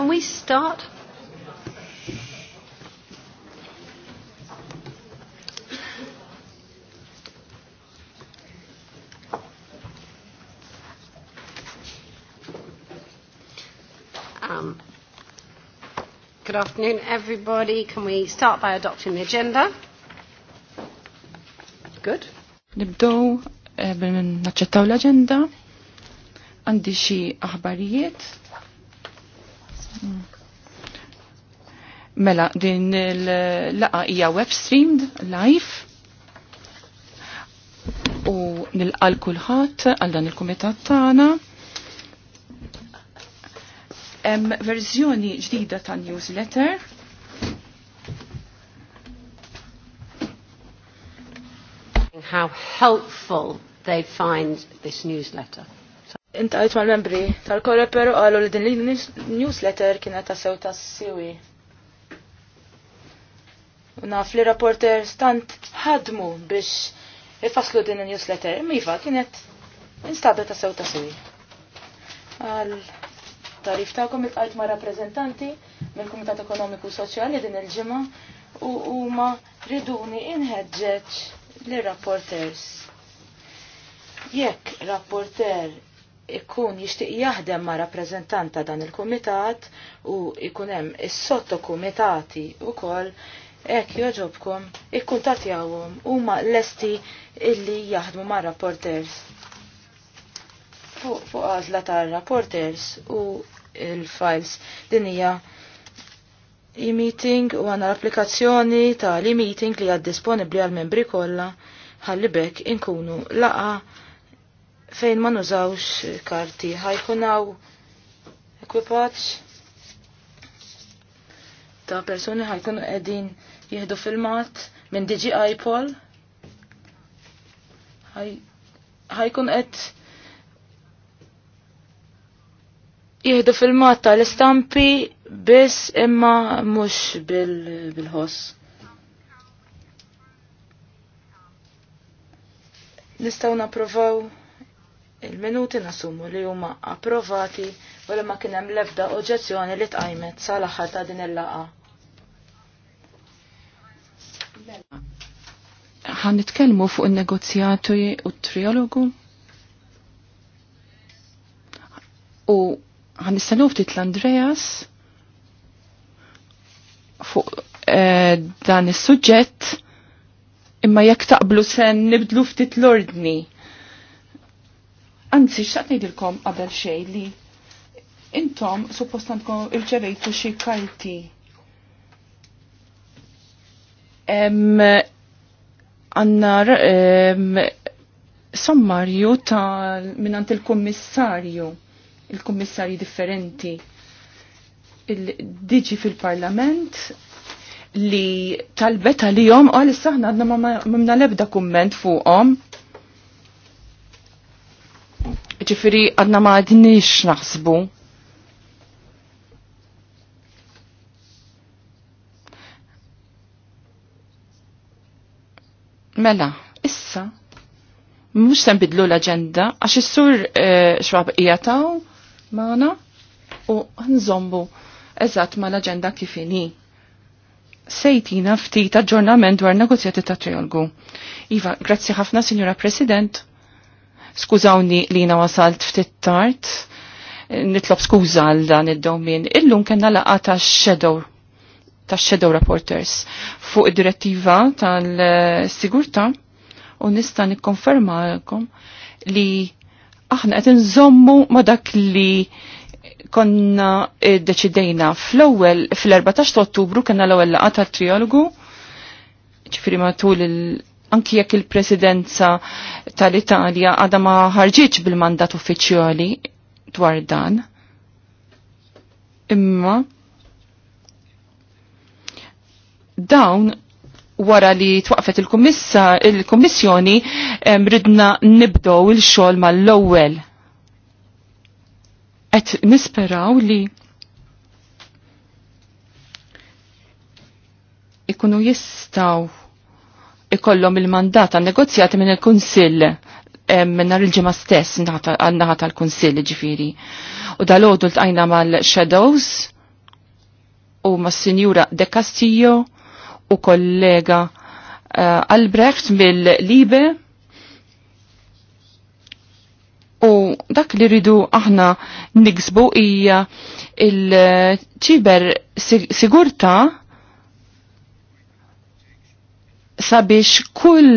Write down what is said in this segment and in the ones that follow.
Can we start? Um, good afternoon, everybody. Can we start by adopting the agenda? Good. Nibdow eh, bil-naċċettaw l-agenda. Għandi xi aħbarijiet Mela, din il-laqa hija web streamed live u nilqal kulħadd għal dan il-kumitat tagħna. Hemm verżjoni ġdida ta' newsletter. How helpful they find this newsletter. Intqajt mal-membri tal-korre però qalu li din il newsletter kienet ta' sew tas-siwi. Naf li rapporter stant ħadmu biex ifaslu din il-newsletter. Miva, kienet instabet ta' sew ta' sewi. Għal tarif ta' komit qajt ma' rappresentanti mill-Kumitat Ekonomiku Soċjali din il-ġimgħa u huma riduni inħeġġeġ li rapporters. Jekk rapporter ikun jixtieq jaħdem ma' rappresentanta dan il-kumitat u is hemm is-sottokumitati wkoll Ek joġobkom, ikkuntat jawum, huma lesti illi jaħdmu ma' rapporters. Fuq fuq għazla ta' rapporters u il-files din hija e-meeting u għana l-applikazzjoni ta' l-e-meeting li għad disponibli għal-membri kollha ħalli bekk inkunu laqa fejn ma nużawx karti ħajkunaw ekwipaċ ta' persuni ħajkunu qegħdin jihdu filmat minn Digi iPol. Ħajkun qed jihdu filmat tal-istampi biss imma mhux bil-ħoss. bil napprovaw nistaw naprovaw il-minuti nasumu li huma approvati u li ma kien hemm l-ebda oġġezzjoni li tqajmet sal-aħħar ta' din il-laqa. Għan nitkelmu fuq il-negozjatu u t-triologu. u għan nistanu ftit l-Andreas fuq eh, dan is-suġġett imma jekk taqblu sen nibdlu ftit l-ordni. Anzi, xaqt ngħidilkom qabel xej li intom suppostantkom irċevejtu xi karti għanna sommarju ta' minnant il-kommissarju, il-kommissarji differenti, il-diġi fil-parlament li talbeta li jom għal saħna għadna ma lebda komment fuqom. Ġifiri għadna ma għadnix naħsbu Mela, issa, mux bidlu l-agenda, għax is-sur xwab eh, ijataw maħna u nżombu eżat ma l-agenda kifini. Sejtina ftit aġġornament dwar negozjati ta' triolgu. Iva, grazzi ħafna, Signora President. Skużawni li jina wasalt ftit tard. Nitlob skuża għal dan id-domin. Illum kena laqata ta' shadow ta' Shadow Reporters fuq id-direttiva tal-sigurta u nista' nikkonferma għalkom li aħna qed nżommu ma' dak li konna eh, deċidejna fl-ewwel fl-14 ta' Ottubru kena l-ewwel laqgħa tal triologu ċifri matul il anki jekk il-presidenza tal-Italja għadha ma ħarġitx bil-mandat uffiċjali dwar dan. Imma Dawn wara li twaqfet il-Kommissjoni il ridna nibdow il-xol mal lowel Et nisperaw li ikunu jistaw ikollhom il-mandata negozjati minn il-Kunsill minnar il-ġimma stess għannaħa tal-Kunsill ġifiri. U dal-għodu l-tajna mal-Shadows u mas-Sinjura De Castillo u kollega uh, Albrecht mill-Libe u dak li rridu aħna niksbu hija il-ċiber sigurta sabiex kull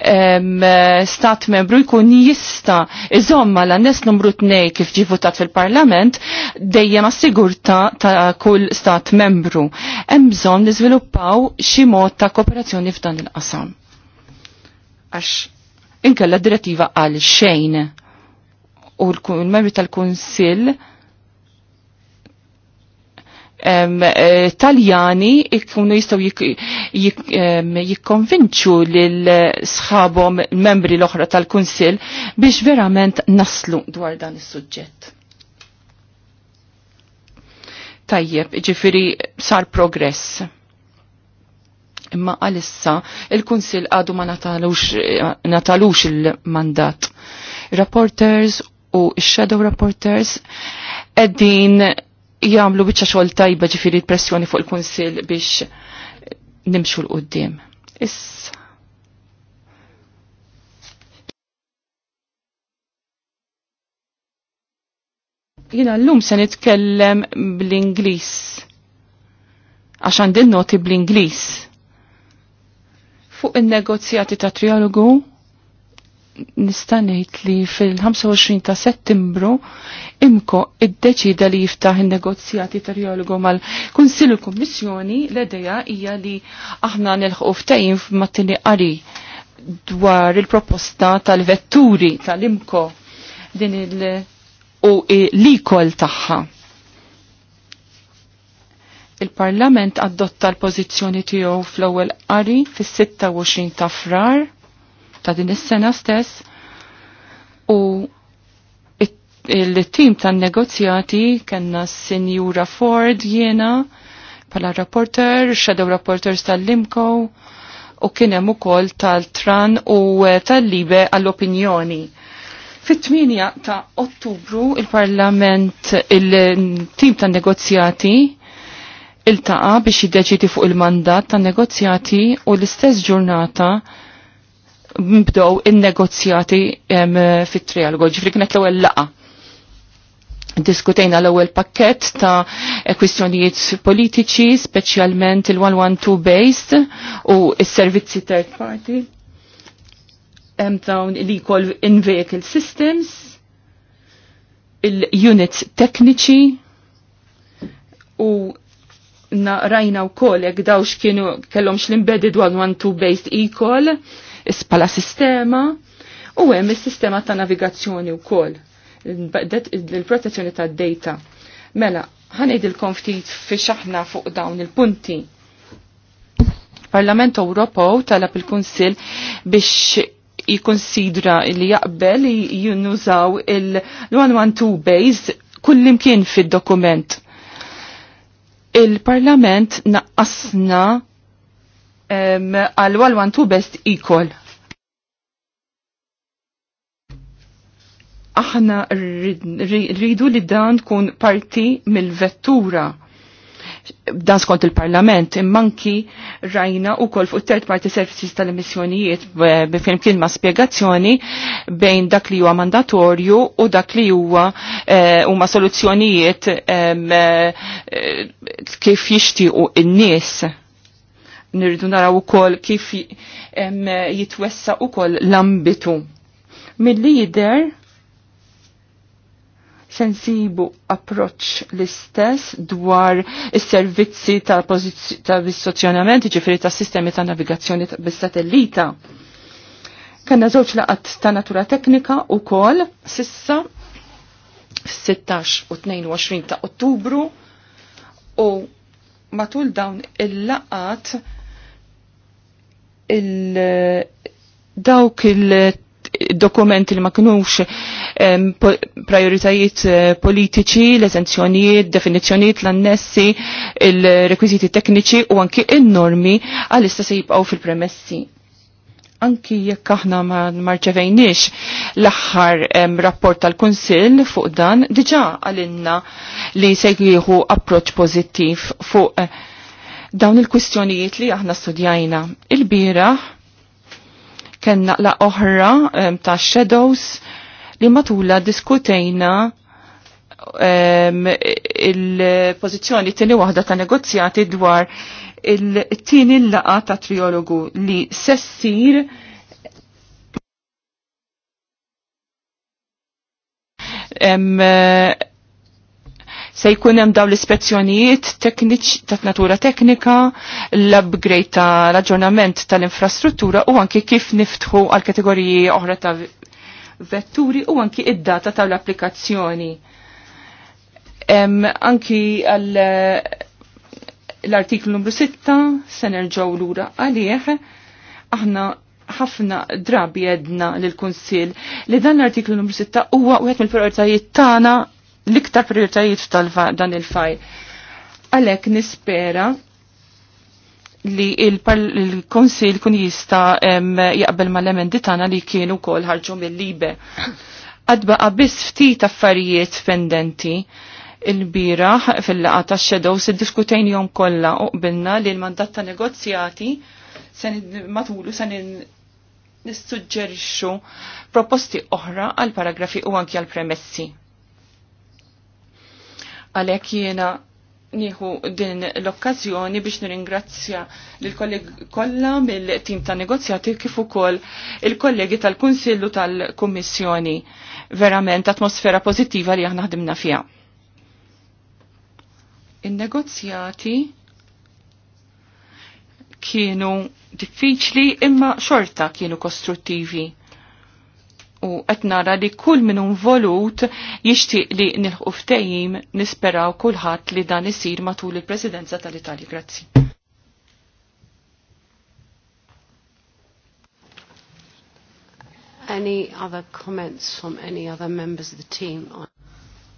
Eh, stat membru jkun jista iżomma la nes numru tnej kif ġi votat fil-parlament dejjem assigurta ta' kull stat membru. Hemm bżonn niżviluppaw xi mod ta' kooperazzjoni f'dan il-qasam. Għax inkella direttiva għal xejn u l-membri tal-Kunsill Eh, Taljani ikunu jistaw jikkonvinċu lil eh, sħabhom membri l-oħra tal-Kunsill biex verament naslu dwar dan is-suġġett. Tajjeb, ġifiri sar progress. Imma għalissa il-Kunsill għadu ma natalux, natalux il-mandat. Rapporters u shadow rapporters eddin jagħmlu biċċa xogħol tajba ġifieri pressjoni fuq il-Kunsill biex nimxu l-qudiem. Issa. Jina l-lum se nitkellem bl-Inglis. Għax din noti bl-Inglis. Fuq il-negozjati ta' trialogu nistanejt li fil-25 ta' settembru imko id-deċida li jiftaħ il-negozjati ta' riologu mal-Kunsilu Kommissjoni l-edeja hija li aħna nilħu ftajin f'mattini qari dwar il-proposta tal-vetturi tal-imko din il- u l-ikol tagħha. Il-Parlament adotta l-pożizzjoni tiegħu fl-ewwel qari fis-26 ta' frar ta' din is-sena stess u il-tim tan negozjati kena Sinjura Ford jiena pala rapporter, shadow rapporters tal-Limco u kienem hemm ukoll tal-Tran u eh, tal-Libe għall-opinjoni. Fit-8 ta' Ottubru il-Parlament il-tim tan negozjati il-taqa biex jiddeċidi fuq il-mandat tan negozjati u l-istess ġurnata mbdow in-negozjati fit-trialogu, ġifri kienet l-ewwel laqa. Diskutejna l-ewwel pakkett ta' kwistjonijiet politiċi, speċjalment il-112 based u s-servizzi third party. Hemm dawn li jkoll in-vehicle systems, il-units tekniċi u na, rajna u ek dawx kienu kellom l 112 based e-call ispala sistema u hemm is-sistema ta' navigazzjoni wkoll il-protezzjoni ta' data. Mela, ħanejdilkom ftit fi xaħna fuq dawn il-punti. Parlament Ewropew talab il-Kunsill biex jikonsidra li jaqbel jinnużaw il-112 base kullimkien fid-dokument. Il-Parlament naqqasna għal um, one two best equal. Aħna rridu li dan tkun parti mill-vettura dan skont il-parlament, immanki rajna u kol fuq third party services tal-emissjonijiet bifim ma' spiegazzjoni bejn dak li huwa mandatorju u dak li huwa eh, huma soluzzjonijiet eh, kif jixtiequ in-nies nirridu naraw ukoll kif jitwessa ukoll l-ambitu. Mill-lider sensibu approċ l-istess dwar is-servizzi tal-pozizjonament, ta ġifiri ta' sistemi ta' navigazzjoni bis-satellita. Kanna żewġ laqat ta' natura teknika u kol sissa 16 u 22 ta' Ottubru u matul dawn il-laqat il dawk il-dokumenti li ma kinux prioritajiet eh, politiċi, l-esenzjonijiet, definizjonijiet, l-annessi, il-rekwiziti tekniċi u anki il-normi għal-issa se jibqaw fil-premessi anki jekk aħna ma marċevejniex l-aħħar rapport tal-Kunsill fuq dan, diġa għalinna li segħiħu approċ pozittiv fuq eh, dawn il-kwistjonijiet li aħna studjajna. Il-bira kenna la oħra um, ta' shadows li matula diskutejna um, il-pozizjoni tini waħda ta' negozjati dwar il-tini laqa ta' triologu li sessir um, se jkun hemm daw l-ispezzjonijiet ta' natura teknika, l-upgrade ta' l-aġġornament tal-infrastruttura u anki kif niftħu għal kategoriji oħra ta' vetturi u anki id-data tal-applikazzjoni. Anki għal l-artiklu numru 6 se nerġgħu lura għalih aħna ħafna drabi jedna l-Kunsil li dan l-artiklu numru 6 huwa wieħed mill-prioritajiet tagħna l-iktar prioritajiet tal-dan il-fajl. Għalek nispera li il-konsil kun jista jaqbel mal-emendi tana li kienu kol ħarġu mill-libe. Għadbaqa bis ftit affarijiet pendenti il-bira fil-laqa ta' shadows se diskutajn jom kolla uqbilna li l-mandat ta' negozjati sen matulu sen nissuġġerixxu proposti oħra għal paragrafi u anki għal premessi. Għalhekk jiena nieħu din l-okkażjoni biex nirringrazzja lill-kollegi kollha mill-tim ta' negozjati kif ukoll il-kollegi tal-Kunsillu tal-Kummissjoni. Verament atmosfera pozittiva li aħna ħdimna fiha. In-negozjati kienu diffiċli imma xorta kienu kostruttivi u qed nara li kull min involut jixtieq li nilħu ftehim nisperaw kulħadd li dan isir matul il-Presidenza tal-Italja. Grazzi. Any other comments from any other members of the team?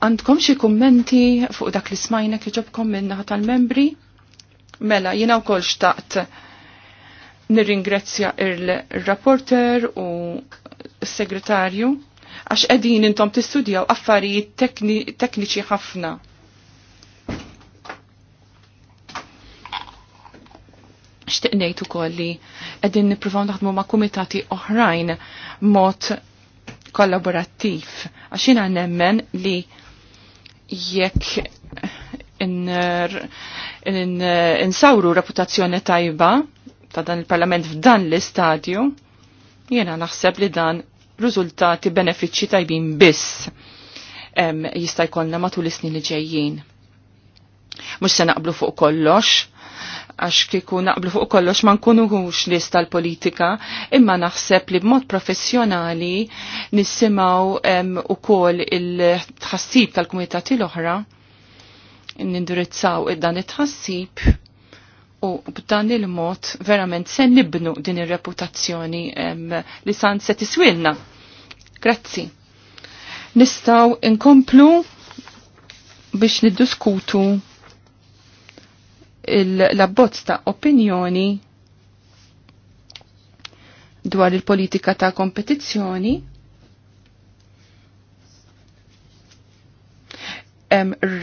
Għandkom xi kummenti fuq dak li smajna kieġobkom minnaħa tal-membri? Mela, jina wkoll xtaqt nirringrazzja il-rapporter u segretarju għax qegħdin intom tistudjaw affarijiet tekniċi ħafna. Xtiqnejt ngħid ukoll li qegħdin nippruvaw naħdmu ma' kumitati oħrajn mod kollaborattiv għax jiena nemmen li jekk insawru reputazzjoni tajba ta' dan il-parlament f'dan l-istadju, jena naħseb li dan riżultati benefiċċji tajbin biss jista' jkollna matul is-snin li ġejjin. Mhux se naqblu fuq kollox, għax kieku naqblu fuq kollox ma nkunux lis l politika imma naħseb li b'mod professjonali nisimgħu ukoll il-tħassib tal-kumitati l-oħra nindirizzaw id-dan it-tħassib u b'dan il-mod verament se nibnu din ir reputazzjoni li san se tiswilna Grazzi. Nistaw inkomplu biex niddiskutu l-abbozz ta' opinjoni dwar il-politika ta' kompetizzjoni.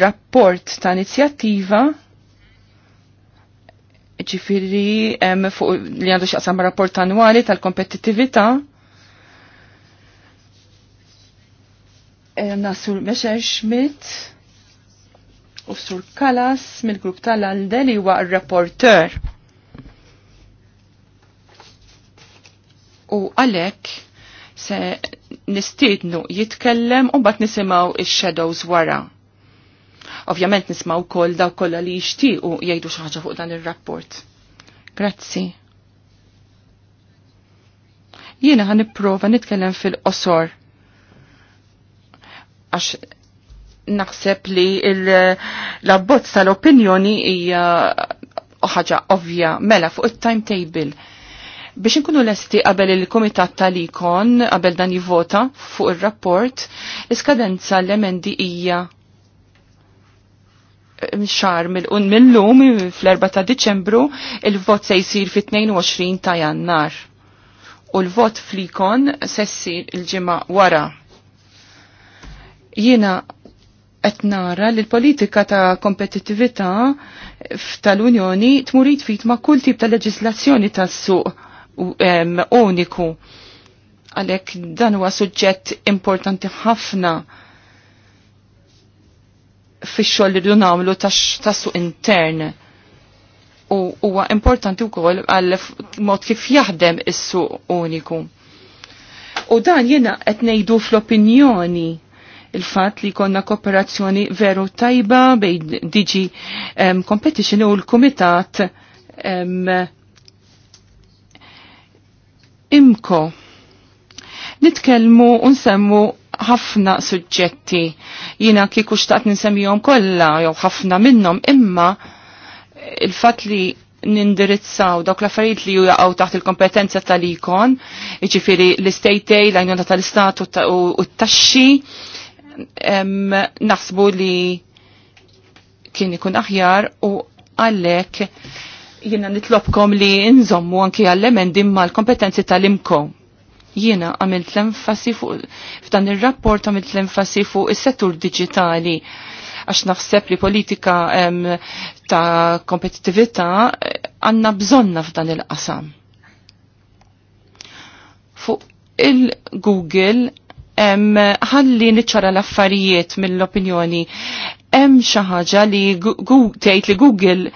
rapport ta' inizjattiva ġifiri fuq li għandu xaqsam rapport annwali tal kompetitività Eh, Nasur Mesher Schmidt u Sur Kalas mill-grupp tal alden li huwa r-rapporter. U għalek se nistiednu jitkellem u bat nisimaw il shadows wara. Ovvjament nismaw kol daw kolla li jixtiequ jgħidu xi ħaġa fuq dan ir-rapport. Grazzi. Jiena ħan nipprova nitkellem fil-qosor għax naħseb li l-abbozz tal-opinjoni hija ħaġa ovvja mela fuq it-timetable biex nkunu lesti qabel il-Komitat tal-Ikon qabel dan jivvota fuq ir-rapport, l-iskadenza l-emendi hija xar mill-lum fl-4 ta' Diċembru il-vot se jsir fit-22 ta' Jannar. U l-vot fl-ikon se ssir il-ġimgħa wara Jiena qed nara li l-politika ta' kompetittività tal-Unjoni tmurid fit ma' kull tip ta' leġislazzjoni tas-suq uniku. Għalhekk dan huwa suġġett importanti ħafna fix-xogħol li rridu nagħmlu tas-suq intern. U huwa importanti wkoll għal mod kif jaħdem is-suq uniku. U dan jiena qed ngħidu fl-opinjoni il-fat li konna kooperazzjoni veru tajba bej DG um, Competition u l-Komitat um, Imko. Nitkelmu unsemmu ħafna suġġetti. Jina kieku xtaqt nisemmihom kolla, jew ħafna minnhom imma il-fat li nindirizzaw dawk l-affarijiet li jaqgħu taħt il-kompetenza tal-ikon, jiġifieri l-estate aid, l-għajnuna tal-istat u t-taxxi, naħsbu li kien ikun aħjar u għallek jiena nitlobkom li nżommu anki għall ma mal-kompetenzi tal-imko. Jiena għamilt l-enfasi fuq, f'dan il-rapport għamilt l-enfasi fuq is-settur digitali għax naħseb li politika em, ta' kompetitività għanna bżonna f'dan il-qasam. Fuq il-Google ħalli niċċara l-affarijiet mill-opinjoni. Hemm xi ħaġa li tgħid li Google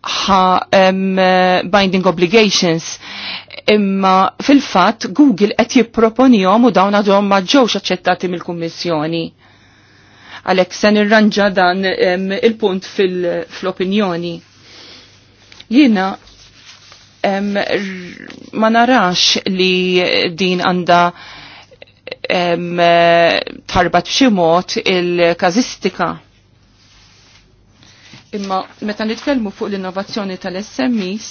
ħa binding obligations imma fil-fatt Google qed jipproponihom u dawn għadhom ma ġewx aċċettati mill-Kummissjoni. Għalhekk se nirranġa dan il-punt fil-opinjoni. Jiena ma narax li din għandha Eh, tarbat b'xi mod il-kazistika. Imma meta nitkellmu fuq l-innovazzjoni tal-SMEs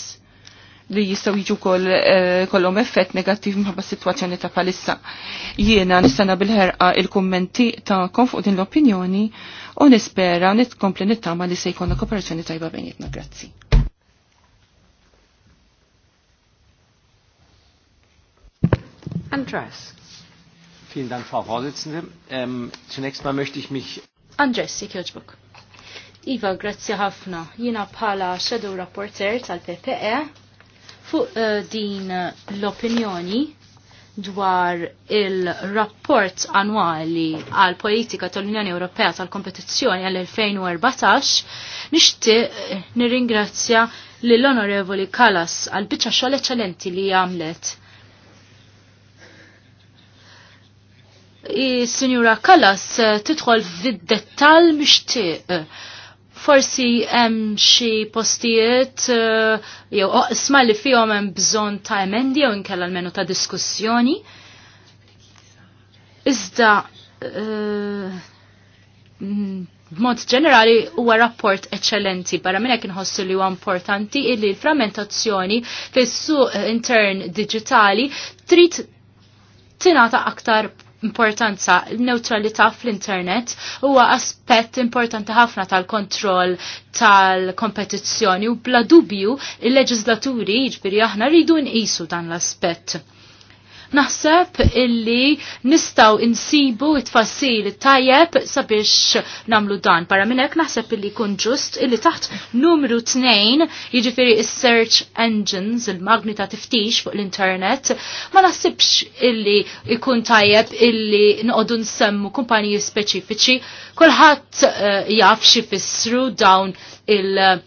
li jistaw jiġu kol eh, kollom effett negattiv mħabba situazzjoni ta' palissa. Jiena nistana bil-ħerqa il-kommenti ta' fuq din l-opinjoni u nispera nitkompli nittama li se jkollna kooperazzjoni tajba bejnietna. Grazzi. Andras. Vielen Dank, Frau Vorsitzende. Ähm, zunächst mal möchte ich mich... Andres, Sikjoġbuk. Iva, grazzi ħafna. Jina bħala Shadow Rapporter tal-PPE fuq uh, din l-opinjoni dwar il-rapport annwali għal politika tal-Unjoni Ewropea tal-kompetizzjoni għal-2014 nixti eh, nirringrazzja l-Onorevoli Kalas għal-bicċa xogħol eċċellenti li għamlet Signora Kallas eh, titħol fid-dettal mixtieq. Forsi hemm xi postijiet eh, jew oqsma li fihom hemm bżonn ta' emendi jew inkella almenu ta' diskussjoni. Iżda eh, b'mod ġenerali huwa rapport eċċellenti barra minn hekk inħossu li huwa importanti illi l-frammentazzjoni fis-suq intern digitali trid tingħata aktar importanza l-neutralità fl-internet huwa aspett importanti ħafna tal-kontroll tal-kompetizzjoni u bla dubju il-leġislaturi ġbiri aħna rridu nqisu dan l-aspett. Naħseb illi nistaw insibu it-fassil tajjeb sabiex namlu dan. Para minnek naħseb illi kun ġust illi taħt numru 2 jġifiri il search engines, il-magni ta' tiftix fuq l-internet, ma naħsibx illi ikun tajjeb illi nqodu nsemmu kumpaniji speċifiċi, kulħadd uh, jaf xifissru dawn il-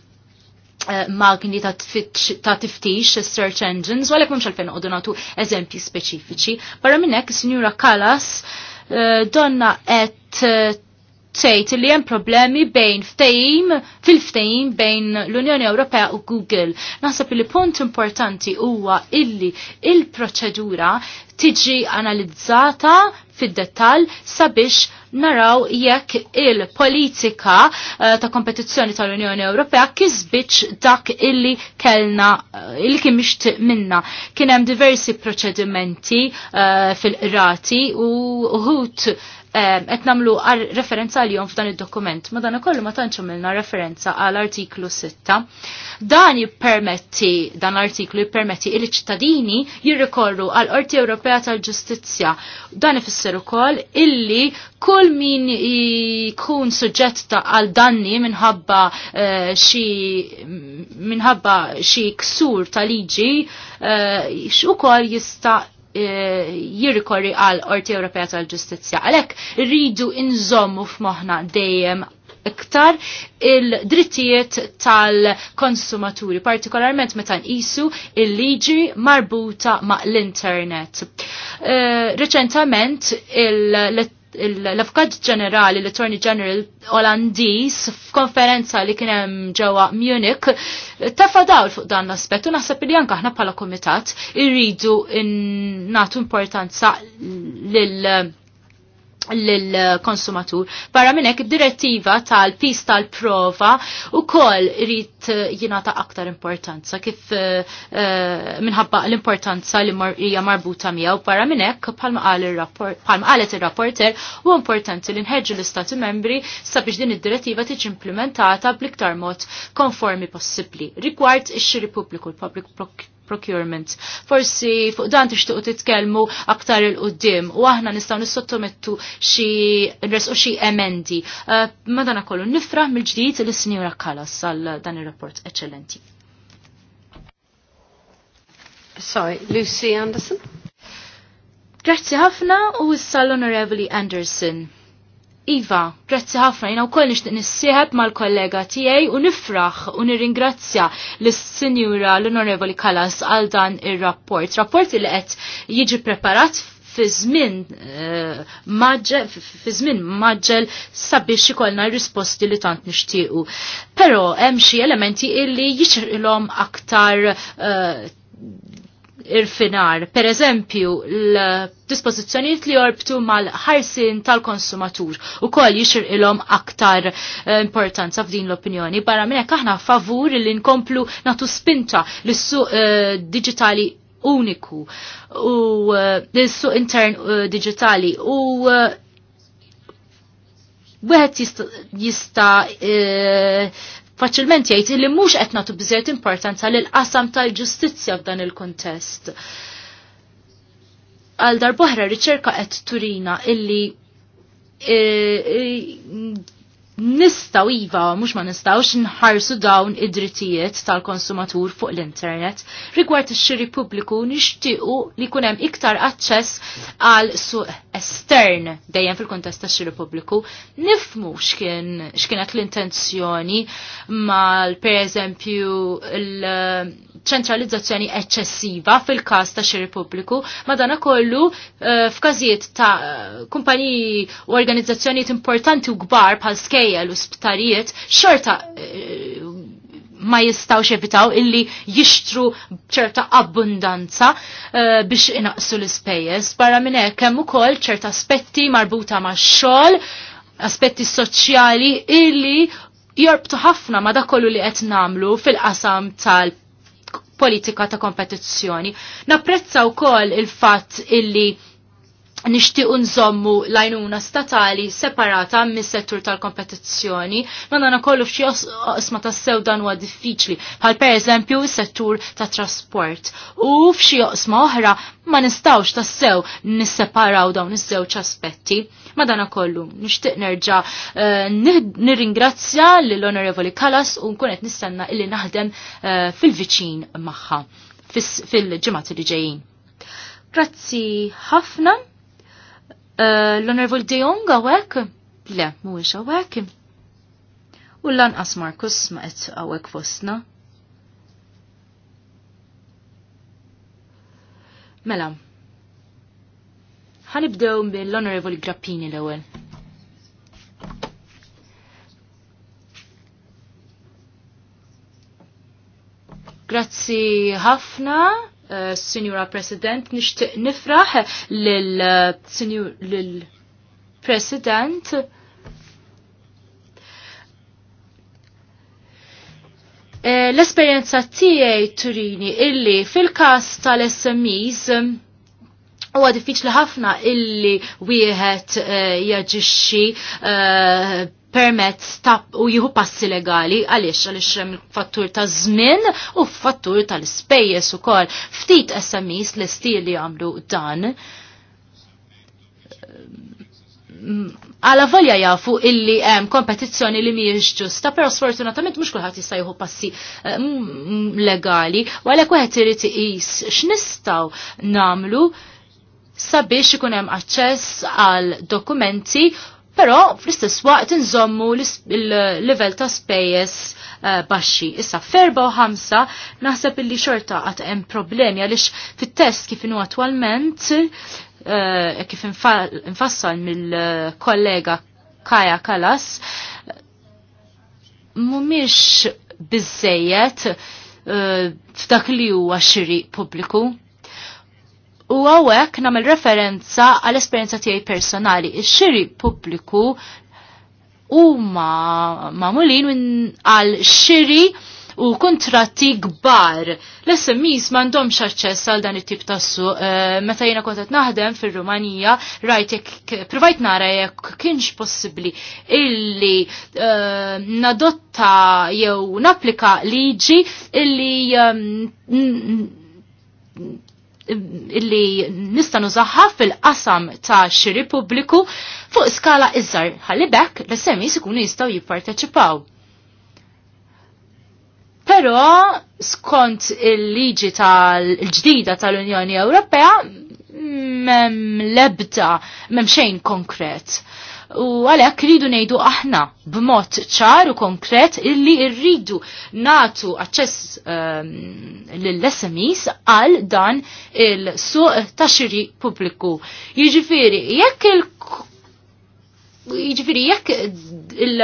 Eh, magni ta' tiftix, search engines, u għalek mumx għalfejn għodu natu eżempji speċifiċi. Barra minnek, signora Kalas, eh, donna et eh, tgħid li hemm problemi bejn ftejim, fil-ftehim bejn l-Unjoni Ewropea u Google. Naħseb li punt importanti huwa illi il-proċedura tiġi analizzata fid-dettall sabiex naraw jekk il-politika eh, ta' kompetizzjoni tal-Unjoni Ewropea kisbitx dak illi kellna eh, illi kien mixt minna. Kien hemm diversi proċedimenti eh, fil-qrati u ħut qed nagħmlu referenza għalihom f'dan id-dokument. Ma dan ukoll ma tantx għamilna referenza għal artiklu 6. Dan jippermetti dan artiklu jippermetti il ċittadini jirrikollu għal Qorti Ewropea tal-Ġustizzja. Dan ifisser ukoll illi kull min jkun suġġett għal danni minħabba eh, xi minħabba xi ksur tal-liġi u eh, ukoll jista' Eh, jirrikorri għal Orti Ewropea tal-Ġustizzja. Għalhekk rridu inżommu f'moħħna dejjem iktar il-drittijiet tal-konsumaturi, partikolarment meta nqisu il-liġi marbuta ma' l-internet. Uh, Reċentament il l-Afgad ġenerali, l-Attorney General Olandis, f'konferenza li kien hemm ġewwa Munich, tefa dawl fuq dan l-aspett u naħseb li anke aħna bħala komitat irridu nagħtu importanza lil l-konsumatur. Barra minnek direttiva tal-pis tal-prova u kol rrit eh, jinata aktar importanza kif eh, eh, minħabba l-importanza li hija marbuta marbuta miegħu barra minnek palma qalet ir-rapporter u importanti li nħeġġu l-Istati membri sabiex din id-direttiva tiġi implementata bl-iktar mod konformi possibbli rigward ix-xiri pubbliku l-public procurement. Forsi fuq dan tixtuq titkellmu aktar il-qoddim u aħna nistgħu nissottomettu xi nresqu xi emendi. Uh, Madana kollu mill-ġdid lis-Sinjura Kallas għal dan ir-rapport eċċellenti. Sorry, Lucy Anderson. Grazzi ħafna u issa l-Onorevoli Anderson. Iva, grazzi ħafna, jina u koll nishtiq nissieħeb mal-kollega tijaj u nifraħ u nirringrazzja l-Sinjura l-Onorevoli Kalas għal dan il-rapport. Rapport li qed jiġi preparat fi żmien uh, fi żmien maġġel sabiex ikollna risposti li tant nixtiequ. Però hemm xi elementi illi jiċirqilhom aktar eh, irfinar. Per eżempju, l-dispozizjoniet li jorbtu mal-ħarsin tal-konsumatur u koll jixir ilom aktar eh, importanza f'din l-opinjoni. Barra minnek aħna favur li nkomplu natu spinta l-suq eh, digitali uniku u eh, l-suq intern digitali u Wieħed jista, jista faċilment jgħid li mhux qed nagħtu bżejt importanza lil qasam tal-ġustizzja f'dan il-kuntest. Għal darbohra riċerka qed turina illi eh, eh, nistaw iva, mux ma nistawx nħarsu dawn id-drittijiet tal-konsumatur fuq l-internet. Rigward ix-xiri pubbliku nixtiequ li kunem hemm iktar aċċess għal suq estern dejjem fil-kontest tax-xiri pubbliku. Nifmu x'kienet l-intenzjoni mal pereżempju l- ċentralizzazzjoni eċċessiva fil-każ ta' xiri pubbliku, madana kollu eh, f'każijiet ta' kumpaniji u organizzazzjonijiet importanti u kbar bħal skejjel u sptarijiet xorta eh, ma jistaw evitaw illi jixtru ċerta abbundanza uh, biex inaqsu l-ispejjeż. Barra minn hekk hemm ukoll ċerta aspetti marbuta max-xogħol, aspetti soċjali illi jorbtu ħafna ma dakollu li qed namlu fil-qasam tal politika ta' kompetizzjoni. Napprezza wkoll il-fatt illi nixtiequ nżommu l-għajnuna statali separata mis-settur tal-kompetizzjoni, ma nana kollu f'xi osma ta' sew dan huwa diffiċli, bħal pereżempju s-settur ta' trasport. U f'xi osma oħra ma nistawx ta' sew nisseparaw dawn iż-żewġ aspetti. Ma dana kollu nixtieq nerġa' eh, nirringrazzja lill-Onorevoli Kalas u nkunet qed nistenna illi naħdem eh, fil-viċin magħha fil-ġimgħat li ġejjin. Grazzi ħafna. Eh, L-Honorable De Jong għawek? Le, mhuwiex għawek. U lanqas Markus ma qed għawek fostna. Mela, ħanibdew bil-Honorable Grappini l-ewwel. Grazzi ħafna Eh, Signora President, nixtieq nifraħ lil eh, President eh, L-esperienza tiegħi turini illi fil-każ tal-SMEs huwa diffiċli ħafna illi wieħed jaġixxi permezz ta' u jieħu passi legali għaliex għaliex hemm fattur ta' żmien u fattur tal-ispejjeż ukoll. Ftit SMEs l-istil li jagħmlu dan għala volja jafu illi hemm kompetizzjoni li mhijiex ġusta, però sfortunatament mhux kulħadd jista' jieħu passi eh, legali, u għalhekk wieħed irid iqis x'nistgħu nagħmlu sabiex ikun hemm aċċess għal dokumenti Però fl-istess waqt inżommu l-level ta' spejjeż eh, baxxi. Issa ferba u ħamsa naħseb illi xorta għat hemm problemi għaliex fit-test kif inhu attwalment eh, kif infassal mill-kollega Kaja Kalas mhumiex biżejjed eh, f'dak li huwa xiri pubbliku U għawek namel referenza għal-esperienza tiegħi personali. Ix-xiri pubbliku huma mamulin għal xiri u kontratti gbar. L-SMIs mandom aċċess għal dan it-tip tassu. suq. Eh, meta jiena kontet naħdem fir-Rumanija, rajt jekk provajt nara jekk kienx possibbli illi eh, nadotta jew napplika liġi illi eh, illi nista' nużaħħa fil-qasam ta' xiri pubbliku fuq skala iżgħar ħalli bekk l-SMEs ikunu jistgħu jipparteċipaw. Però skont il-liġi tal-ġdida tal-Unjoni Ewropea mem lebda mem xejn konkret u għalhekk rridu ngħidu aħna b'mod ċar u konkret illi rridu natu aċċess um, ehm, lill-SMEs għal dan il-suq ta' xiri pubbliku. Jiġifieri jekk il Jiġifieri jekk il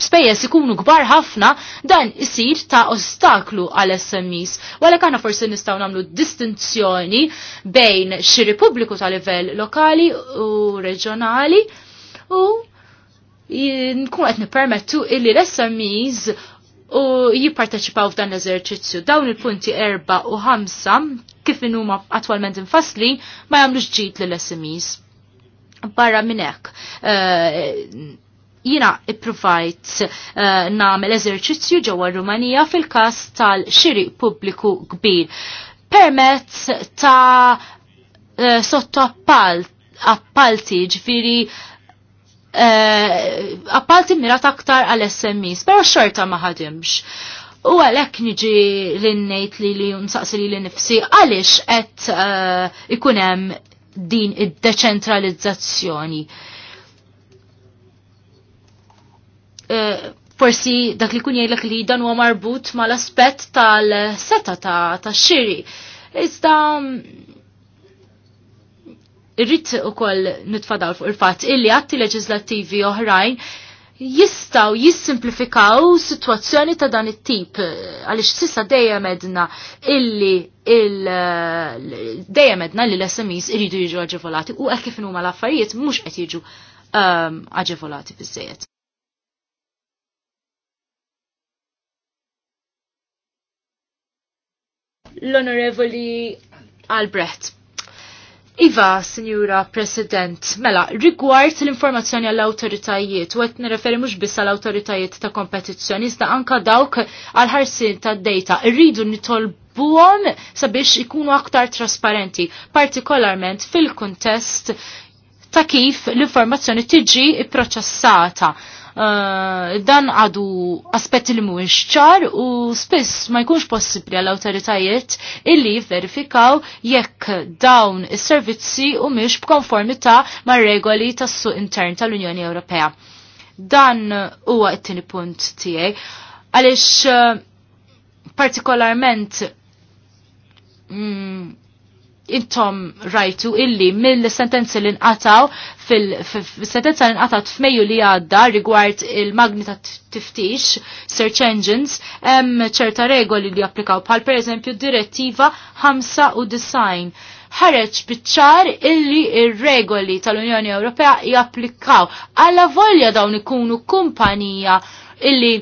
spejjeż ikunu kbar ħafna, dan isir ta' ostaklu għal SMEs. Wala kana forsi nistgħu nagħmlu distinzjoni bejn xi Repubbliku ta' livell lokali u reġjonali u nkun qed nippermettu illi l-SMEs u jipparteċipaw f'dan l-eżerċizzju. Dawn il-punti erba u ħamsa kif huma attwalment infassli ma jagħmlux ġid lill-SMEs. Barra minn hekk. Uh, jina i-provajt uh, eh, namel eżerċizzju ġewwa Rumanija fil-każ tal-xiri pubbliku kbir permezz ta' uh, eh, sotto appalti ġifiri uh, appalti mirat aktar għal-SMEs, pero xorta ma ħadimx. U għalek niġi l-innejt li li unsaqsi li l-nifsi, għalix għet uh, ikunem din id-deċentralizzazzjoni. Uh, Eh, forsi dak li kun jgħidlek li dan huwa marbut mal-aspett tal-seta tax-xiri. Iżda mm, irrid ukoll nitfadal fuq il-fatt illi atti leġislattivi oħrajn jistaw jissimplifikaw situazzjoni ta' dan it-tip għaliex sissa dejjem medna illi il dejjem medna li l-SMEs iridu jiġu aġevolati u hekk kif huma l-affarijiet mhux qed jiġu ehm, aġevolati biżejjed. l-Onorevoli Albrecht. Iva, Signora President, mela, rigward l-informazzjoni għall-autoritajiet, u għet nireferi mux biss għall-autoritajiet ta' kompetizzjoni, iżda anka dawk għal-ħarsin ta' data, rridu nitolbuhom sabiex ikunu aktar trasparenti, partikolarment fil-kontest ta' kif l-informazzjoni tiġi i-proċessata. Eh, dan għadu aspetti li mhuwiex ċar u spiss ma jkunx possibbli għall awtoritajiet illi verifikaw jekk dawn is-servizzi u mhix b'konformità mar-regoli tas-suq intern tal-Unjoni Ewropea. Dan huwa t-tieni punt tiegħi għaliex eh, partikolarment mm, intom rajtu illi mill-sentenzi li nqataw fil-sentenza li nqataw f'Mejju li għadda rigward il-magni ta' tiftix, search engines, hemm ċerta regoli li applikaw bħal per eżempju direttiva 5 u design ħareġ biċċar illi ir-regoli tal-Unjoni Ewropea japplikaw. Alla volja dawn ikunu kumpanija illi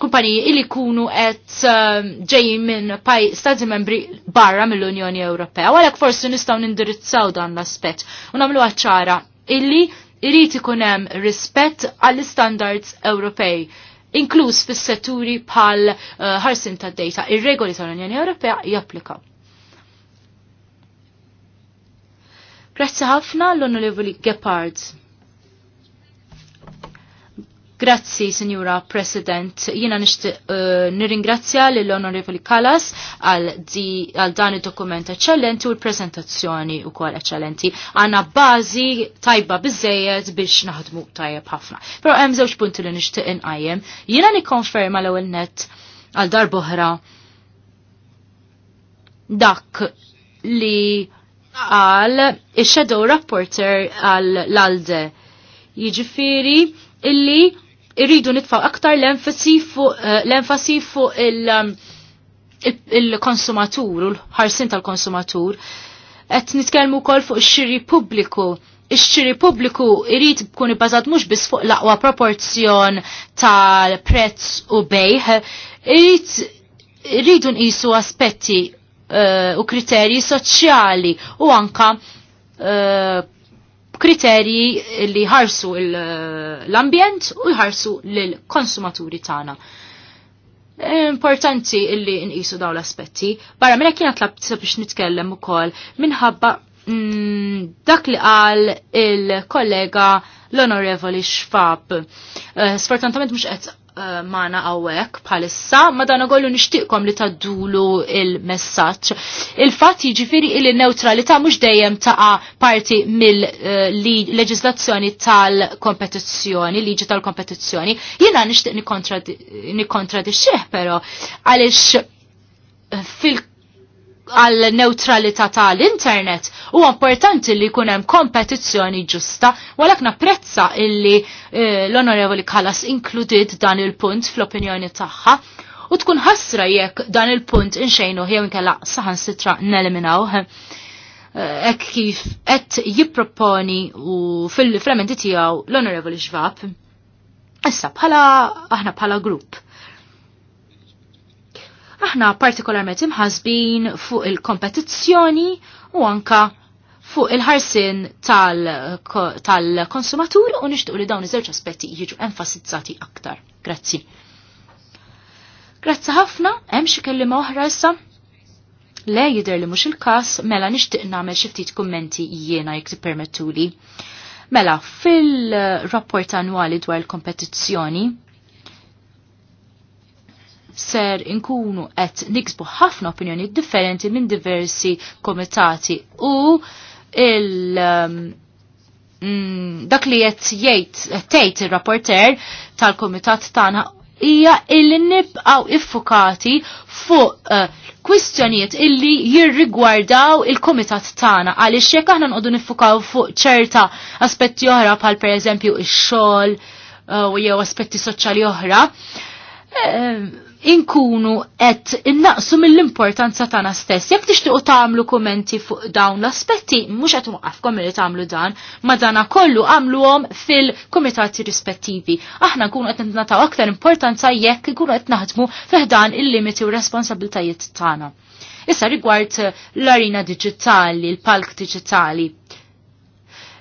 kumpaniji illi kunu et uh, minn stati membri barra mill-Unjoni Ewropea. Għalek forsi nistaw nindirizzaw dan l-aspet. Unamlu għacċara illi irrit ikunem rispett għall-standards Ewropej inkluż fis-setturi bħal eh, ħarsin uh, ta' data ir-regoli tal-Unjoni Ewropea japplika. Grazzi ħafna l-Onorevoli Gepard. Grazzi, Signora President. Jina nishti uh, nirringrazzja l-Onorevoli Kalas għal, dan il-dokument eccellenti u l-prezentazzjoni u kol eccellenti. Għanna bazi tajba bizzejed biex naħdmu tajab ħafna. Pero hemm zewġ punti li nishti inqajjem. Jina nikonferma l ewwel net għal darboħra dak li għal il-Shadow Rapporter għal l-Alde. Jiġifiri, illi irridu nitfaw aktar l-enfasi fuq eh, l um, il-konsumatur u l-ħarsin tal-konsumatur. Qed nitkellmu wkoll fuq ix-xiri pubbliku. Ix-xiri pubbliku irid ikun ibbażat mhux biss fuq l-aqwa proporzjon tal-prezz u bejħ, irid irridu nqisu aspetti eh, u kriterji soċjali u anka eh, kriterji li ħarsu eh, l-ambjent u jħarsu l-konsumaturi tagħna. Eh, importanti illi nqisu daw l-aspetti. Barra minn kienet tlab biex nitkellem ukoll minħabba mm, dak li qal il-kollega l-onorevoli Schwab. Eh, sfortunatament mhux qed Eh, mana għawek bħalissa, ma dan għollu nishtiqkom li taddulu il-messaċ. Il-fat jiġifiri il-neutralita mux dejjem taqa parti mill-leġizlazzjoni tal-kompetizzjoni, liġi tal-kompetizzjoni. Jina nishtiq nikontradixxieħ, pero għalix fil- għal neutralità tal-internet U importanti li jkun hemm kompetizzjoni ġusta, walak napprezza illi eh, l-Onorevoli Kallas inkludid dan il-punt fl-opinjoni tagħha u tkun ħasra jekk dan il-punt inxejnu jew inkella saħan sitra neliminaw. Eh, ek kif qed jipproponi u fil-frementi tiegħu l-Onorevoli Xvab. Issa bħala aħna bħala grupp. Aħna partikolarment imħasbin fuq il-kompetizzjoni u anka fuq il-ħarsin tal-konsumatur tal u nishtuq li dawn iż-żewġ aspetti jiġu enfasizzati aktar. Grazzi. Grazzi ħafna, hemm xi kelliema oħra issa? Le jidher li mhux il-każ, mela nixtieq nagħmel xi ftit kummenti jiena jekk tippermettuli. Mela, fil-rapport annwali dwar il-kompetizzjoni, ser inkunu qed niksbu ħafna opinjoni differenti minn diversi komitati u il um, mm, dak li qed jgħid tgħid ir-rapporter tal-kumitat tagħna hija illi nibqgħu iffukati fuq uh, kwistjonijiet illi jirrigwardaw il-kumitat tagħna għaliex jekk aħna nqogħdu niffukaw fuq ċerta aspetti oħra bħal pereżempju ix-xogħol u uh, jew aspetti soċjali oħra. Uh, inkunu qed innaqsu mill-importanza tagħna stess. Jekk tixtiequ tagħmlu kummenti fuq dawn l-aspetti, mhux qed nwaqafkom milli tagħmlu dan, ma dana kollu għamluhom fil-kumitati rispettivi. Aħna nkunu qed nagħtaw aktar importanza jekk ikunu qed naħdmu fiħdan il-limiti u responsabiltajiet tagħna. Issa rigward l-arina digitali, l-palk digitali.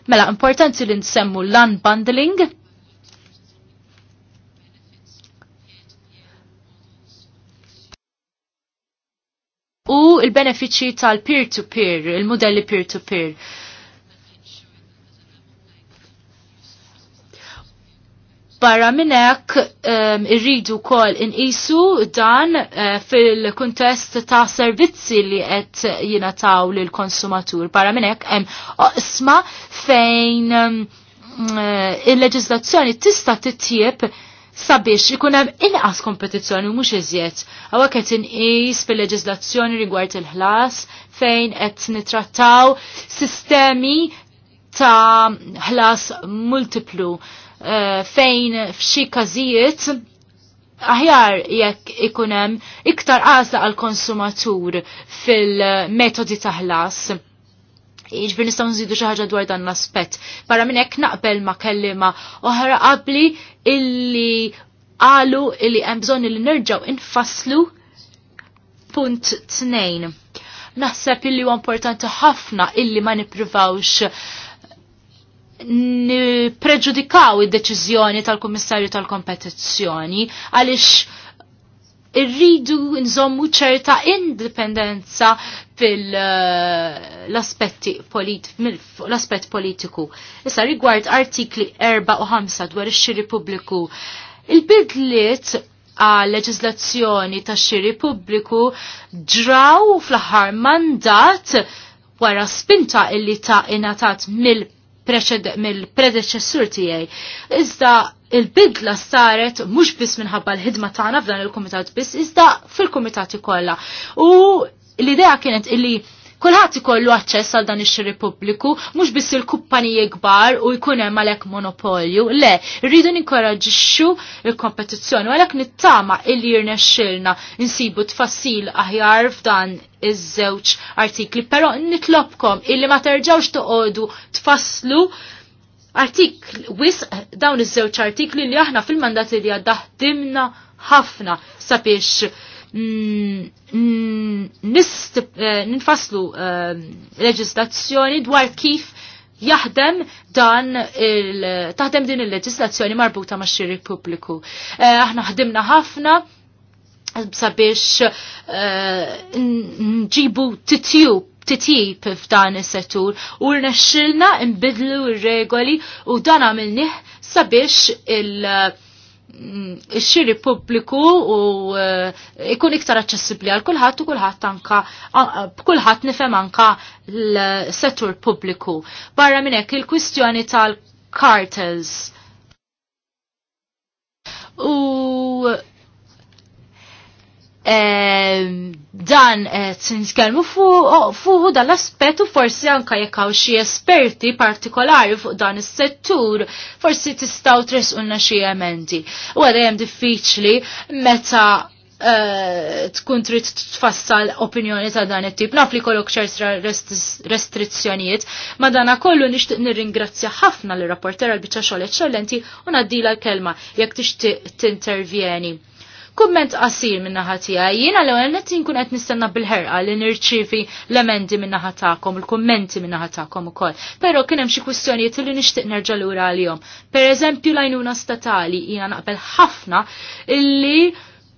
Mela importanti li nsemmu l-unbundling, u il-benefiċi tal-peer-to-peer, il-modelli peer-to-peer. Barra minnek um, ehm, irridu kol inqisu dan uh, eh, fil-kontest ta' servizzi li qed jinataw l konsumatur. Barra minnek hemm oqsma fejn um, il-leġislazzjoni tista' titjieb sabiex ikun hemm inqas kompetizzjoni mhux iżjed. Hawnhekk qed inqis fil leġislazzjoni rigward il-ħlas fejn qed nitrattaw sistemi ta' ħlas multiplu uh, fejn f'xi każijiet aħjar jekk ikun hemm iktar għażla għall-konsumatur fil-metodi ta' ħlas Iġbir jiġifieri nistaw nżidu xaħġa dwar dan l-aspet. para minn hekk naqbel ma' kellima oħra qabli illi qalu illi hemm bżonn illi nerġgħu infasslu punt tnejn. Naħseb illi huwa importanti ħafna illi ma nippruvawx nippreġudikaw id-deċiżjoni tal-Kummissarju tal-Kompetizzjoni għaliex irridu nżommu ċerta indipendenza fil-aspetti eh, politiku, l-aspett politiku. Issa rigward artikli 4 u 5 dwar ix-xiri pubbliku. Il-bidliet għal leġislazzjoni ta' xiri pubbliku ġraw fl-aħħar mandat wara spinta illi ta' inatat mill-predeċessur mil tiegħi. Iżda il-bidla saret mhux biss minħabba l-ħidma tagħna f'dan il-kumitat biss iżda fil-kumitat ikollha. U l-idea kienet illi kulħadd ikollu aċċess għal dan ix-xiri pubbliku, mhux biss il-kumpaniji kbar u jkun hemm għalhekk monopolju. Le, rridu ninkoraġixxu l-kompetizzjoni u għalhekk nittama illi jirnexxilna insibu tfassil aħjar f'dan iż-żewġ artikli, però nitlobkom illi ma terġgħux toqogħdu tfasslu artikl wis dawn iż-żewġ artikli li aħna fil-mandat li għaddaħdimna ħafna sabiex Mm, mm, ninfaslu eh, eh, leġislazzjoni dwar kif jaħdem dan il taħdem din il-leġislazzjoni marbuta ma' xirri pubbliku. Eh, aħna ħdimna ħafna sabiex nġibu titju titjib f'dan is-settur u rnexxilna nbidlu r-regoli u dan għamilnih sabiex il- Mm, ix-xiri pubbliku u eh, ikun iktar aċċessibbli għal kulħadd u kulħadd anka kulħadd nifhem anka l-settur pubbliku. Barra minn hekk il-kwistjoni tal-cartels. U Ehm, dan t-niskelmu eh, fuħu dal u forsi anka jekaw xie esperti partikolari fuq dan is settur forsi tistaw tres unna xie emendi. U għadajem diffiċli meta eh, tkun trid tfassal opinjoni ta' dan it-tip. Naf li kollok ċertra restrizzjonijiet, ma dana kollu nixtieq nirringrazzja ħafna l-rapporter għal biċċa xogħol eċċellenti u ngħaddi l-kelma jekk tixtieq tintervjeni. Kumment qasir minna ħatija, jiena l ewwel qed nkun qed nistenna bil-ħerqa li nirċifi l-emendi minna ħatakom, il-kummenti minna ħatakom ukoll. Però kien hemm xi kwistjonijiet li nixtieq nerġa' lura għalihom. Pereżempju l-għajnuna statali jiena naqbel ħafna illi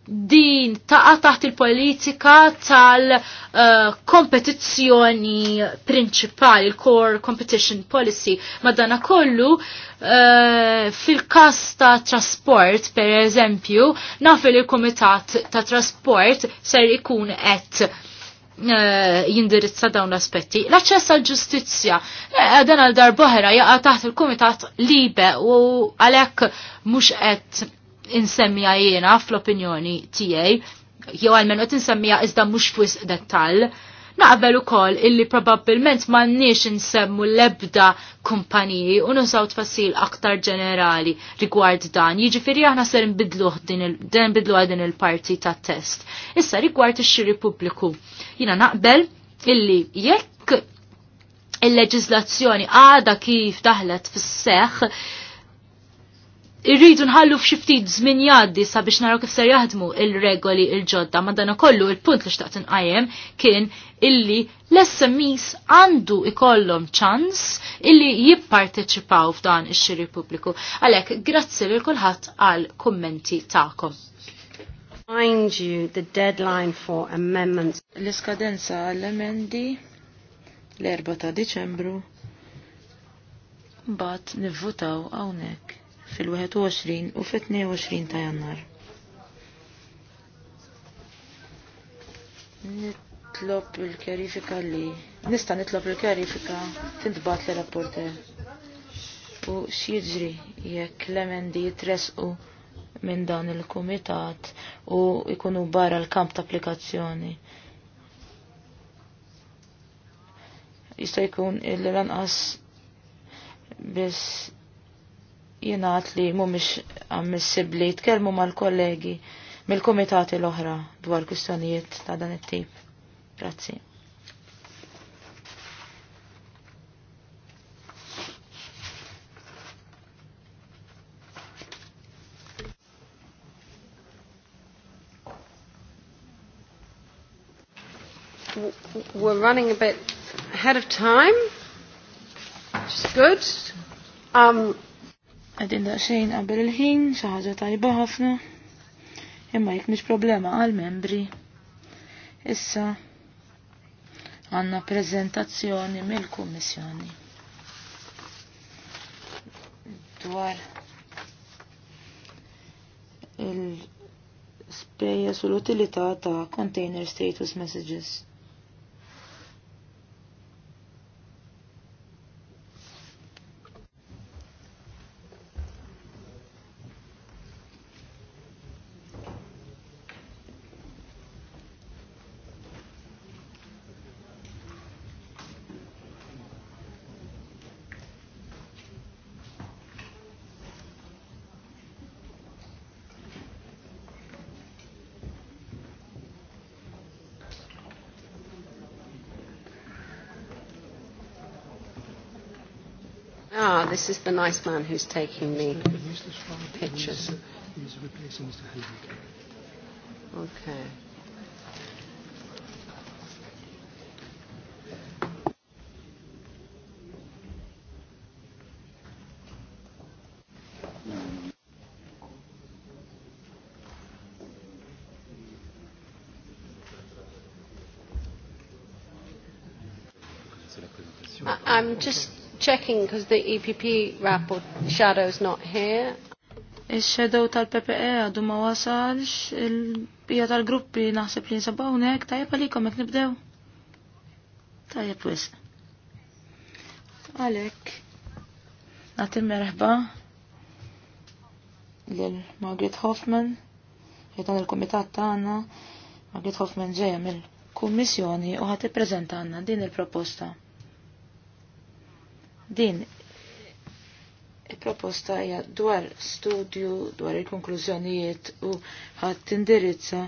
din taqa taħt il-politika tal-kompetizzjoni uh, prinċipali, il-core competition policy. Madana kollu, uh, eh, fil-kas ta' trasport, per eżempju, naf li l-komitat ta' trasport ser ikun et uh, eh, jindirizza dawn l-aspetti. L-aċċess għal ġustizzja, eh, dan għal darbohra jaqa taħt il-komitat libe u għalek mux qed insemmija jiena fl-opinjoni tiegħi, jew għalmen qed insemmija iżda mhux fwis dettall, naqbel ukoll illi probabbilment m'għandniex insemmu l-ebda kumpaniji u nużaw tfassil aktar ġenerali rigward dan. Jiġifieri aħna ser nbidlu din il-parti tat-test. Issa rigward ix-xiri pubbliku. Jiena naqbel illi jekk il-leġislazzjoni għada kif daħlet fis-seħħ irridu nħallu f'xiftit żmien jgħaddi sabiex naraw kif ser jaħdmu il-regoli il-ġodda ma dan ukollu il-punt li xtaqt inqajjem kien illi l-SMEs għandu ikollhom ċans illi jipparteċipaw f'dan ix-xiri pubbliku. Għalhekk grazzi lil kulħadd għal kummenti tagħkom. Mind you the deadline for amendments. L-iskadenza għall-emendi l-4 ta' Diċembru mbagħad nivvutaw hawnhekk fil-21 u fil 22 ta' jannar. Nitlob il kjerifika li, nista nitlob il kjerifika tintbat li rapporte U xieġri jekk l-emendi jitresqu minn dan il-komitat u ikunu barra l-kamp ta' applikazzjoni. Jista' jkun il-lanqas biss jenaħt li mumiex ammissibli tkellmu mal-kollegi mill-komitati l-oħra dwar kustonijiet ta' dan it-tip. Grazzi. We're running a bit ahead of time, which is good. Um, Għedin daqxejn qabel il-ħin, xaħġa tajba ħafna. Imma jek miex problema għal-membri. Issa għanna prezentazzjoni mill-Kummissjoni. Dwar il-spejjeż u l-utilità ta' container status messages. This is the nice man who's taking me pictures. Okay. I'm just looking because the EPP rapport is not here. Ix-shadow tal-PPE għadu ma wasalx, il-bija tal-gruppi naħseb li nsabaw nek, tajab għalikom jek nibdew. Tajab wis. Għalek, natim merħba l-Margaret Hoffman, jitan il-komitat tagħna, Margaret Hoffman ġeja mill-kummissjoni u ħati prezentanna din il-proposta. Din il-proposta hija dwar studju, dwar il-konklużjonijiet u ħadd indirizza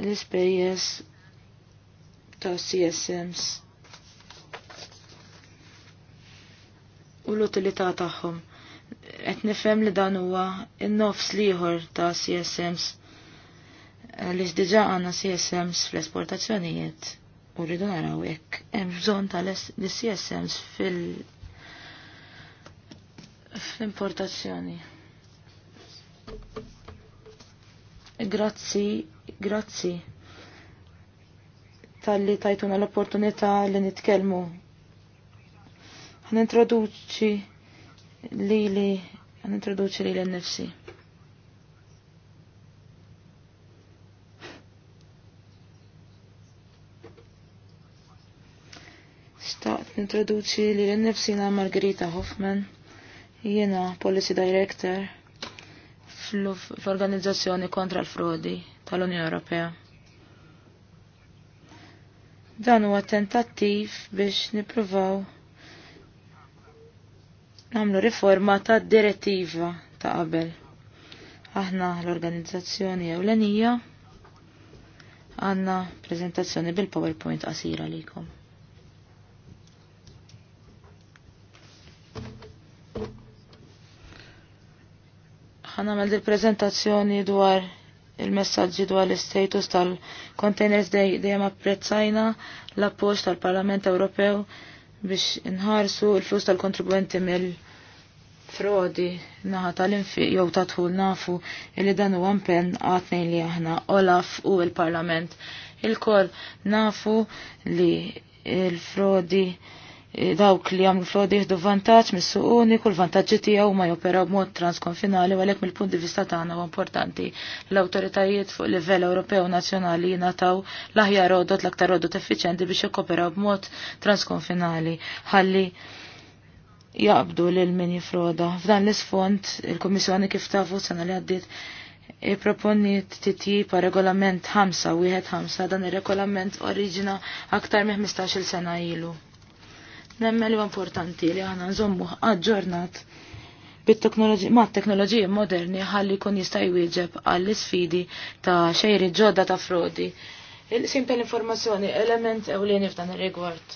l-ispejjeż ta' CSMs u l-utilità tagħhom. Qed nifhem li dan huwa in-nofs liħor ta' CSMs għaliex diġà għandna CSMs fl-esportazzjonijiet u rridu naraw jekk hemm bżonn tal-CSMs fil- fl-importazzjoni. Grazzi, grazzi tal-li tajtuna l-opportunità li nitkellmu. Għan introduċi li li, għan introduċi li l-nifsi. nintroduċi li l-nifsina Margherita Hoffman, jiena Policy Director fl-Organizzazzjoni kontra l-Frodi tal-Unjoni Ewropea. Dan huwa tentattiv biex nippruvaw nagħmlu riforma ta' direttiva ta' qabel. Aħna l-organizzazzjoni ewlenija għanna prezentazzjoni bil-PowerPoint qasira likom. ħanamel dil prezentazzjoni dwar il-messagġi dwar l-status tal-containers dejjem apprezzajna l-appoġġ tal-Parlament Ewropew biex inħarsu il-flus tal-kontribwenti mill-frodi naħa tal infi jew ta' tħul nafu li dan huwa impenn għatnejn li aħna Olaf u l-Parlament. il kol nafu li il-frodi il frodi E, dawk li għamlu frodi jihdu vantaġġ mis-suq uniku, l-vantaġġi tiegħu ma jopera b'mod transkonfinali għalhekk mill-punt di vista tagħna huwa importanti l-awtoritajiet fuq livell Ewropew nazzjonali jingħataw l-aħjar għodot l-aktar għodot effiċjenti biex jokopera b'mod transkonfinali ħalli jaqbdu lil min froda. F'dan l-isfond il-Kummissjoni kif tafu sena li għaddiet e, proponi titji pa regolament 5, wieħed 5, dan ir regolament oriġina aktar minn 15-il sena ilu. Nemmel huwa importanti li għana nżommu aġġornat bit ma' teknoloġija moderni ħalli kun jista' jwieġeb għall sfidi ta' xejri ġodda ta' frodi. Il-sim tal-informazzjoni element ewlieni f'dan ir-rigward.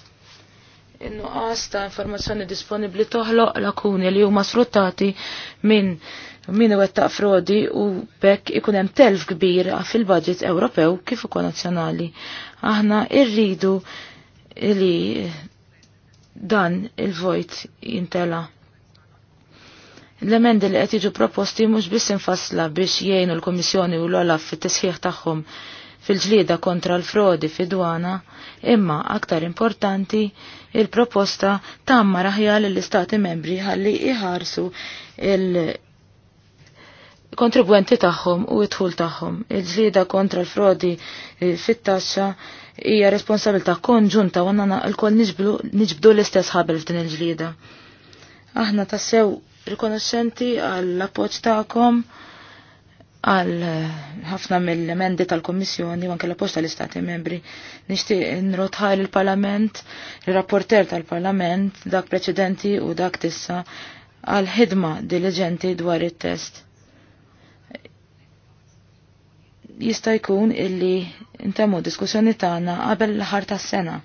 In-nuqqas ta' informazzjoni disponibbli toħloq lakuni li huma sfruttati minn min wettaq frodi u bekk ikun hemm telf kbir fil-budget Ewropew kif ukoll nazzjonali. Aħna rridu li dan il-vojt jintela. L-emendi li qed jiġu proposti mhux biss infassla biex jgħinu l-Kummissjoni u l-Olaf fit-tisħiħ tagħhom fil-ġlieda kontra l-frodi fi dwana imma aktar importanti il-proposta tamma raħjal l-Istati membri ħalli iħarsu il- kontribwenti tagħhom u t dħul tagħhom. Il-ġlida kontra l-frodi eh, fit-taxxa hija responsabilità konġunta u għandna l-kol niġbdu l-istess ħabel f'din il-ġlida. Aħna tassew rikonoxxenti għall-appoġġ tagħkom għal eh, ħafna mill-emendi tal-Kommissjoni u anke l-appoġġ tal-Istati membri. Nixtieq nrotħaj lill parlament il-rapporter tal-Parlament, dak preċedenti u dak tissa għal ħidma diligenti dwar it-test. jista' jkun illi ntemmu diskussjoni tagħna qabel l-aħħar tas-sena.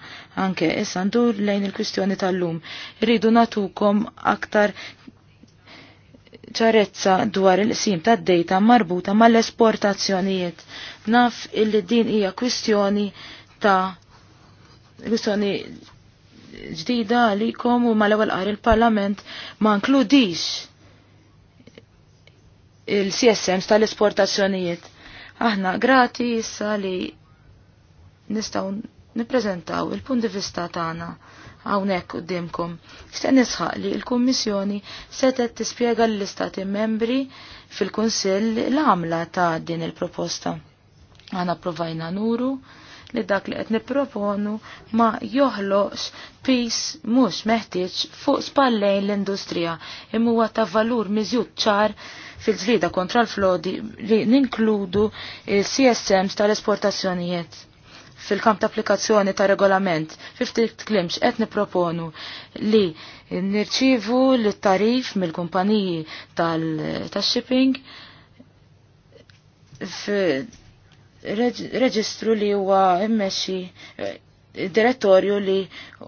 Anke issa ndur lejn il-kwistjoni tal-lum. Irridu natukom aktar ċarezza dwar il-qsim tad-dejta marbuta mal-esportazzjonijiet. Naf illi din hija kwistjoni ta' kwistjoni ġdida għalikom u mal-ewwel qari il-Parlament ma nkludix il-CSMs tal-esportazzjonijiet Aħna grati issa li nistaw niprezentaw il-punt di vista tagħna hawnhekk quddiemkom. Xtieq nisħaq li l-Kummissjoni setet tispjega l-istati membri fil-Kunsill l-għamla ta' din il-proposta. Għana provajna nuru li dak li qed nipproponu ma joħloqx pis mhux meħtieġ fuq spallejn l-industrija imma huwa ta' valur miżjud ċar fil-ġlida kontra l-flodi li ninkludu il-CSMs tal-esportazzjonijiet fil-kamp ta' applikazzjoni ta' regolament. Fiftit klimx qed niproponu li nirċivu l-tarif mill-kumpaniji tal-shipping reġistru li huwa immexxi eh, direttorju li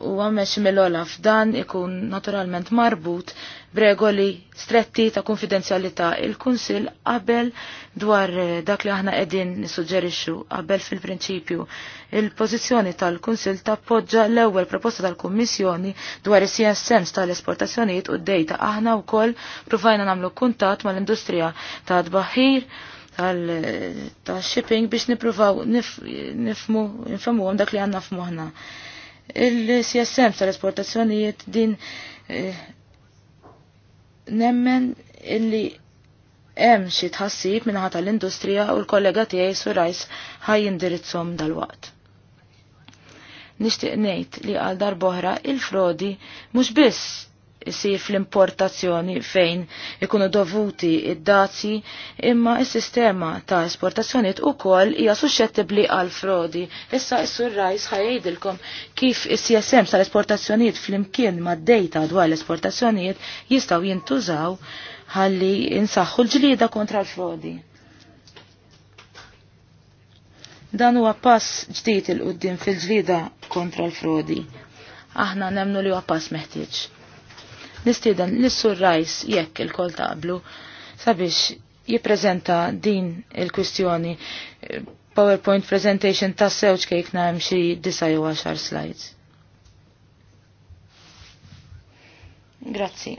huwa meċ mill-olaf dan ikun naturalment marbut bregoli stretti ta' konfidenzjalità. Il-Kunsil qabel dwar eh, dak li aħna qegħdin nissuġġerixxu qabel fil-prinċipju. Il-pożizzjoni tal-Kunsil tappoġġa l-ewwel proposta tal-Kummissjoni dwar is-CSMs tal-esportazzjonijiet u d-dejta. Aħna wkoll pruvajna nagħmlu kuntatt mal-industrija ta' tbaħħir tal-shipping eh, biex nipruvaw nifmu, nifhmu dak li għandna fmuħna. Il-CSM tal-esportazzjonijiet din eh, nemmen illi hemm xi tħassib minħata tal-industrija u l-kollega tiegħi Surajs ħaj indirizzhom dal-waqt. Nixtieq ngħid li għal darboħra il-frodi mhux biss isir fl-importazzjoni fejn ikunu dovuti id dazi imma is-sistema ta' esportazzjoniet ukoll hija suscettibbli għal frodi. Issa issur sur Rajs ħajdilkom kif is-CSM tal-esportazzjonijiet flimkien mad-dejta dwar l-esportazzjonijiet jistgħu jintużaw ħalli insaħħu l-ġlieda kontra l-frodi. Dan huwa pass ġdid il-qudiem fil ġlida kontra l-frodi. Aħna nemnu li huwa pass meħtieġ nistieden l-Sur jekk il koltablu sabiex jipprezenta din il-kwistjoni PowerPoint presentation ta' sewċ kejk naħem xie għaxar slides. Grazzi.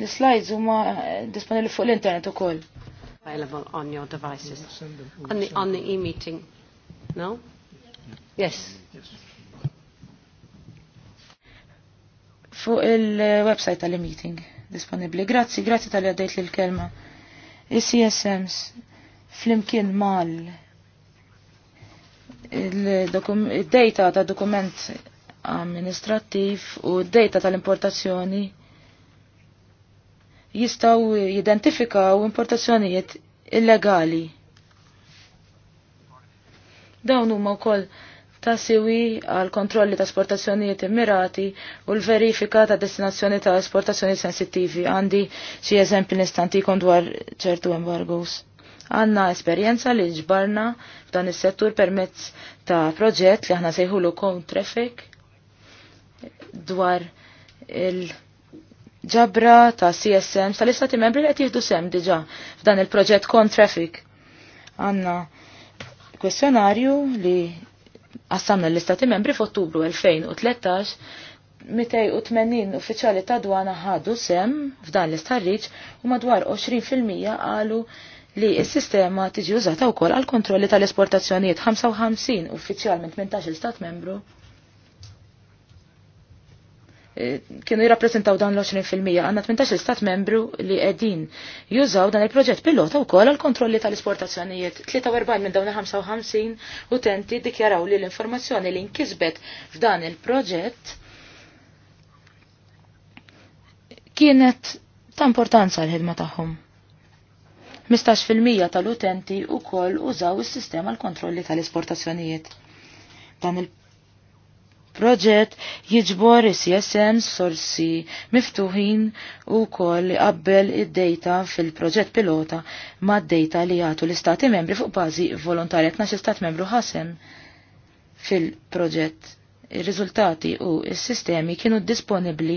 L-slides huma eh, disponibli fuq l-internet ukoll available on your devices. On the, on the e-meeting. No? Yes. yes. fuq il-website tal-meeting disponibli. Grazzi, grazzi tal-li għaddejt li l-kelma. Il-CSMs fl-imkien mal il-data ta' dokument amministrativ u data tal-importazzjoni jistaw jidentifikaw importazzjonijiet illegali. Dawn huma wkoll ta' siwi għal kontrolli ta' esportazzjonijiet immirati u l-verifika ta' destinazzjoni ta' esportazzjoni sensittivi. Għandi xi eżempi nistantikom dwar ċertu embargos. Għanna esperjenza li ġbarna f'dan is-settur permezz ta' proġett li aħna sejħulu kom traffic dwar il- ġabra ta' CSM tal-istati membri li qed jieħdu sem diġa' f'dan il-proġett Con Traffic. Għandna kwestjonarju li Assamna l-istati membri f'Ottubru 2013 280 uffiċjali ta' dwana ħadu sem f'dan l-istarriċ u madwar 20% qalu li s-sistema tiġi użata wkoll għal kontrolli tal-esportazzjonijiet 55 uffiċjal minn 18 stat membru Eh, kienu jirrappreżentaw dan l-20% għandna 18 stat membru li qegħdin jużaw dan il-proġett pilota wkoll għal kontrolli tal-esportazzjonijiet. 43 minn dawn 55 utenti dikjaraw li l-informazzjoni li nkisbet f'dan il-proġett kienet ta' importanza l-ħidma tagħhom. 15% tal-utenti u kol użaw is-sistema l-kontrolli tal-esportazzjonijiet. Dan il proġett jiġbor is CSN sorsi miftuħin u koll li qabbel id-data fil-proġett pilota ma' d-data li jgħatu l-istati membri fuq bażi volontarja 12 stat membru ħasem fil-proġett. il riżultati u s-sistemi kienu disponibli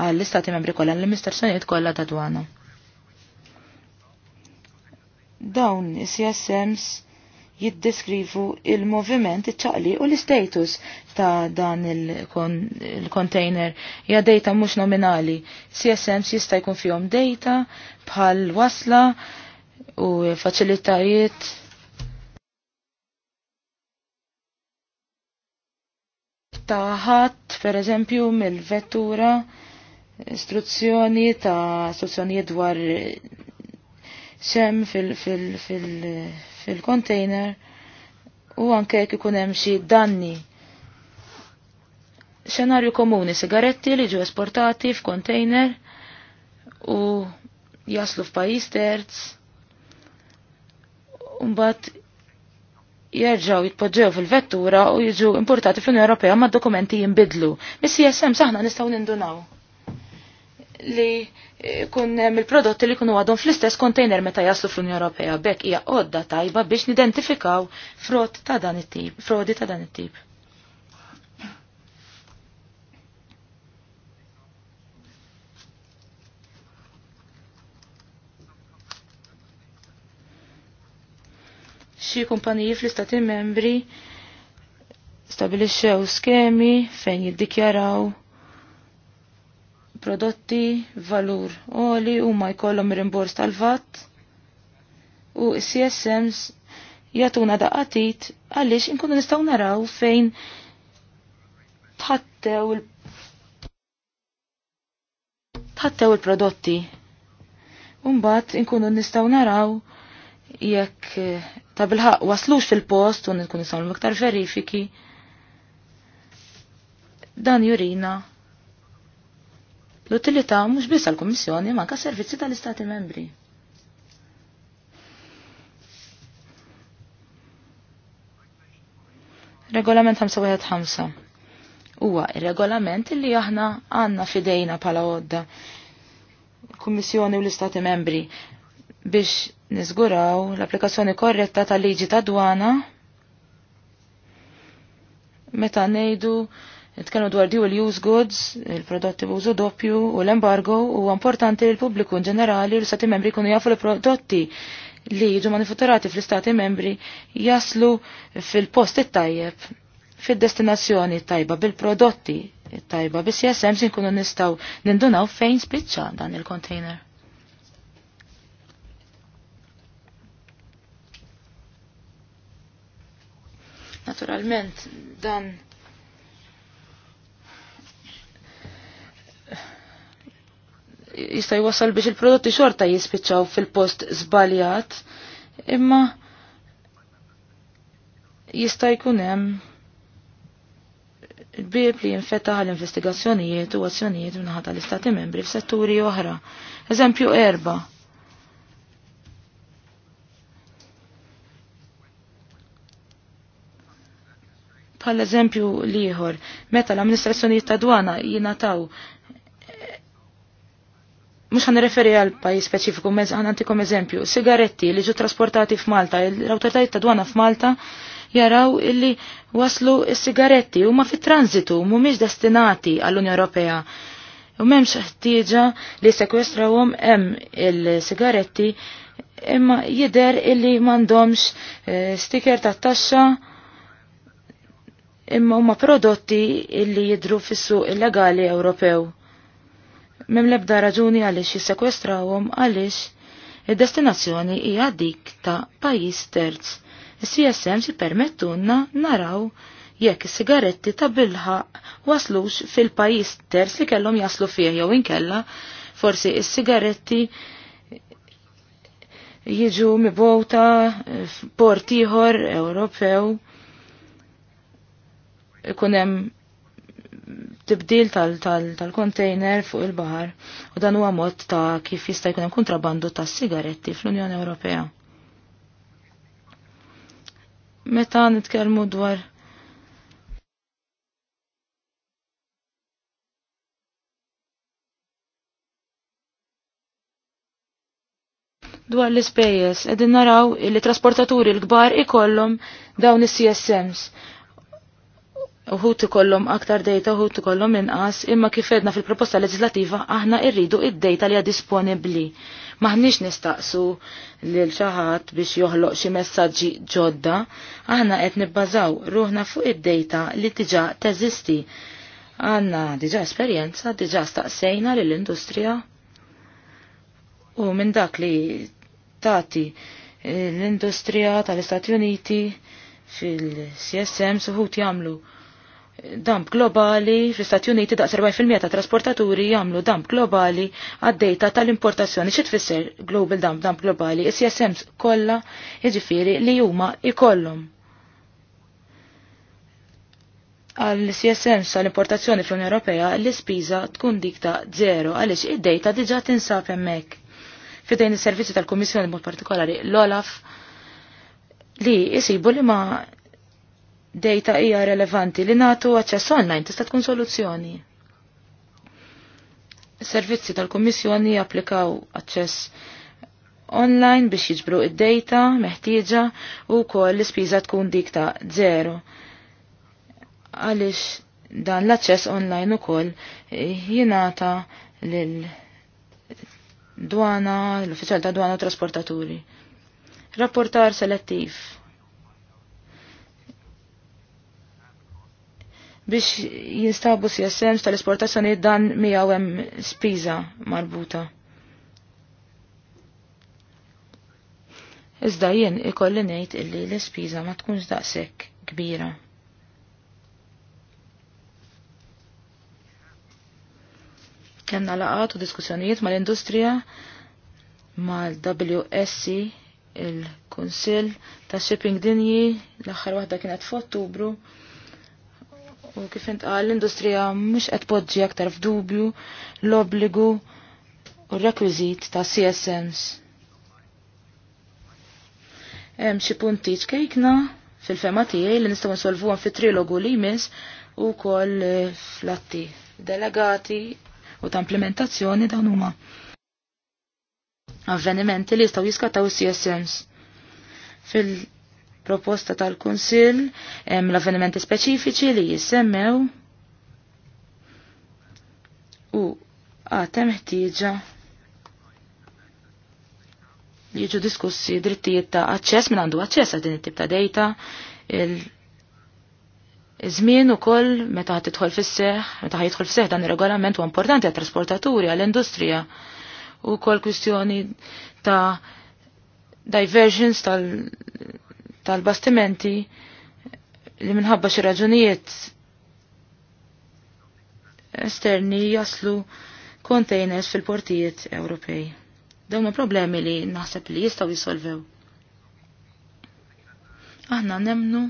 għall-istati membri kollha l-amministrazzjonijiet kollha ta' dwana. Dawn is-CSMs jiddeskrivu il-moviment, iċ-ċaqli u l-status ta' dan il-container ja data mhux nominali. CSMs jista' jkun fihom data bħal wasla u faċilitajiet ta' ħadd pereżempju mill-vettura istruzzjoni ta' istruzzjoni dwar xem fil-, fil, fil fil container u anke jekk ikun hemm xi danni. Xenarju komuni sigaretti li ġew esportati f'container u jaslu f'pajjiż terz u mbagħad jerġgħu jitpoġġew fil-vettura u jiġu importati fl-Unjoni Ewropea ma' dokumenti jinbidlu. Mis-CSM saħna nistgħu nindunaw li kun eh, il-prodotti li kunu għadhom fl-istess kontejner meta jaslu fl-Unjoni Ewropea bekk hija għodda tajba biex nidentifikaw frod ta' dan it-tip, frodi ta' dan it-tip. Xi kumpaniji fl-istati membri stabilixxew skemi fejn jiddikjaraw prodotti valur oli u ma jkollhom rimbors tal-vat u CSMs jatuna daqatit għaliex inkunu nistaw naraw fejn tħattew tħattew il-prodotti. Umbat inkunu nistaw naraw jekk eh, ta' bilħaq waslux fil-post u nkunu nistaw l verifiki dan jurina l-utilità mhux biss għall-Kummissjoni ma anke servizzi tal-Istati Membri. Regolament 515 huwa ir-regolament li aħna għandna fidejna pala għodda kummissjoni u l-Istati membri biex niżguraw l-applikazzjoni korretta tal-liġi ta' dwana meta ngħidu Nitkellmu dwar dual use goods, il-prodotti b'użu doppju u l-embargo u importanti li l-pubbliku in ġenerali l stati membri jkunu jafu l-prodotti li jiġu manifatturati fl-istati membri jaslu fil-post it-tajjeb, fil-destinazzjoni tajba bil-prodotti tajba bis CSM sin kunu nistaw nindunaw fejn spiċċa dan il-container. Naturalment, dan jista' jwassal biex il-prodotti xorta jispiċċaw fil-post żbaljat, imma jista' jkun hemm il-bieb li jinfetaħ l-investigazzjonijiet u azzjonijiet minnaħa tal-Istati membri f'setturi oħra. Eżempju erba. Bħal eżempju liħor, meta l amministrazzjoni ta' dwana jinataw Mux għan referi għal pajis specifiku, mezz għan antikom eżempju, sigaretti li ġu trasportati f'Malta, l autoritajt ta' dwana f'Malta jaraw illi waslu s-sigaretti u ma fit-transitu, miex destinati għall-Unja Ewropea. U memx ħtieġa li għom hemm il-sigaretti imma jider illi mandomx eh, stiker ta' taxxa imma huma prodotti illi jidru fis-suq illegali Ewropew. Mem lebda raġuni għaliex jissekwestrawhom għaliex id-destinazzjoni hija dik ta' pajjiż terz. is si permettunna naraw jekk is-sigaretti ta' bilħa waslux fil-pajjiż terz li kellhom jaslu fih jew inkella forsi is-sigaretti jiġu mibota f'port ieħor Ewropew ikun hemm tibdil tal-kontejner fuq il-bahar u dan huwa mod ta' kif jista' jkun hemm kontrabandu ta' sigaretti fl-Unjoni Ewropea. Meta nitkellmu dwar dwar l-ispejjeż qegħdin naraw li trasportaturi l-kbar ikollhom dawn is-CSMs uħut ikollhom aktar data, uħut ikollhom inqas, imma kif edna fil-proposta legislativa, aħna irridu id-data li hija disponibbli. Maħniex nistaqsu lil xaħat biex joħloq xi messaġġi ġodda, aħna qed nibbażaw ruħna fuq id-data li diġà teżisti. Għanna diġa' esperjenza, diġa' staqsejna lill-industrija. U minn dak li tati eh, l-industrija tal-Istati Uniti fil-CSM suħut jagħmlu damp globali fl-Istati Uniti daqs 40% ta' trasportaturi jagħmlu damp globali għad-dejta tal-importazzjoni. Xi tfisser global damp damp globali? Is-CSMs kollha jiġifieri li huma ikollhom. Għal CSMs tal importazzjoni fl-Unjoni Ewropea l-ispiża tkun dik ta' zero għaliex id-dejta diġà tinsab hemmhekk. Fidejn is-servizzi tal-Kummissjoni mod partikolari l-Olaf li jisibu li ma' data hija relevanti li natu aċċess online tista' tkun soluzzjoni. Servizzi tal-Kummissjoni applikaw aċċess online biex jiġbru id-data meħtieġa u wkoll l-ispiża tkun dik ta' zero. Għaliex dan l-aċċess online ukoll eh, jingħata lil dwana, l-uffiċjal ta' dwana u trasportaturi. Rapportar selettiv biex jinstabu CSMs tal-esportazzjoni dan miegħu hemm spiża marbuta. Iżda jien ikolli ngħid illi l-ispiża ma tkunx daqshekk kbira. Kenna laqat u diskussjonijiet mal-industrija mal-WSC il-Kunsill ta' Shipping Dinji l-aħħar waħda kienet f'Ottubru. U kif intqal l-industrija mhux qed poġġi aktar f'dubju l-obbligu u r-rekwiżit ta' CSMs. Hemm xi punti ċkejkna fil-fema tiegħi li nistgħu nsolvuhom fit-trilogu li jmiss u fl flatti delegati u ta' implementazzjoni dan huma avvenimenti li jistgħu jiskataw CSMs. Fil- proposta tal-Kunsill hemm l-avvenimenti speċifiċi li jissemmew u għatem ħtieġa li jiġu diskussi drittijiet ta' aċċess minn għandu aċċess għal din it-tip ta' data Iż-żmien ukoll meta ħad tidħol fis-seħ, meta ħad jidħol fis dan ir-regolament huwa importanti għat-trasportaturi għall-industrija u kol kwistjoni ta' diversions tal tal-bastimenti li minħabba xi raġunijiet esterni jaslu containers fil-portijiet Ewropej. Dawn problemi li naħseb li jistgħu jisolvew. Aħna nemnu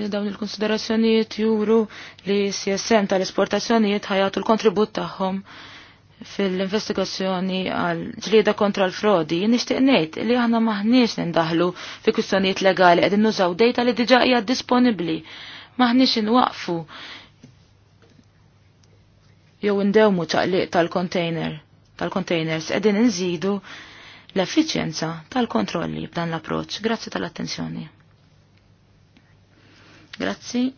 li dawn il-konsiderazzjonijiet juru li CSM tal-esportazzjonijiet ħajatu l-kontribut tagħhom fil-investigazzjoni għal ġlieda kontra l-frodi, nixtieq ngħid li aħna maħniex nindaħlu fi kwistjonijiet legali qegħdin nużaw dejta li diġà hija disponibbli. Maħniex nwaqfu jew indewmu ċaqliq tal-container tal-containers qegħdin inżidu l-effiċjenza tal-kontrolli b'dan l-approċċ. Grazzi tal-attenzjoni. Grazzi.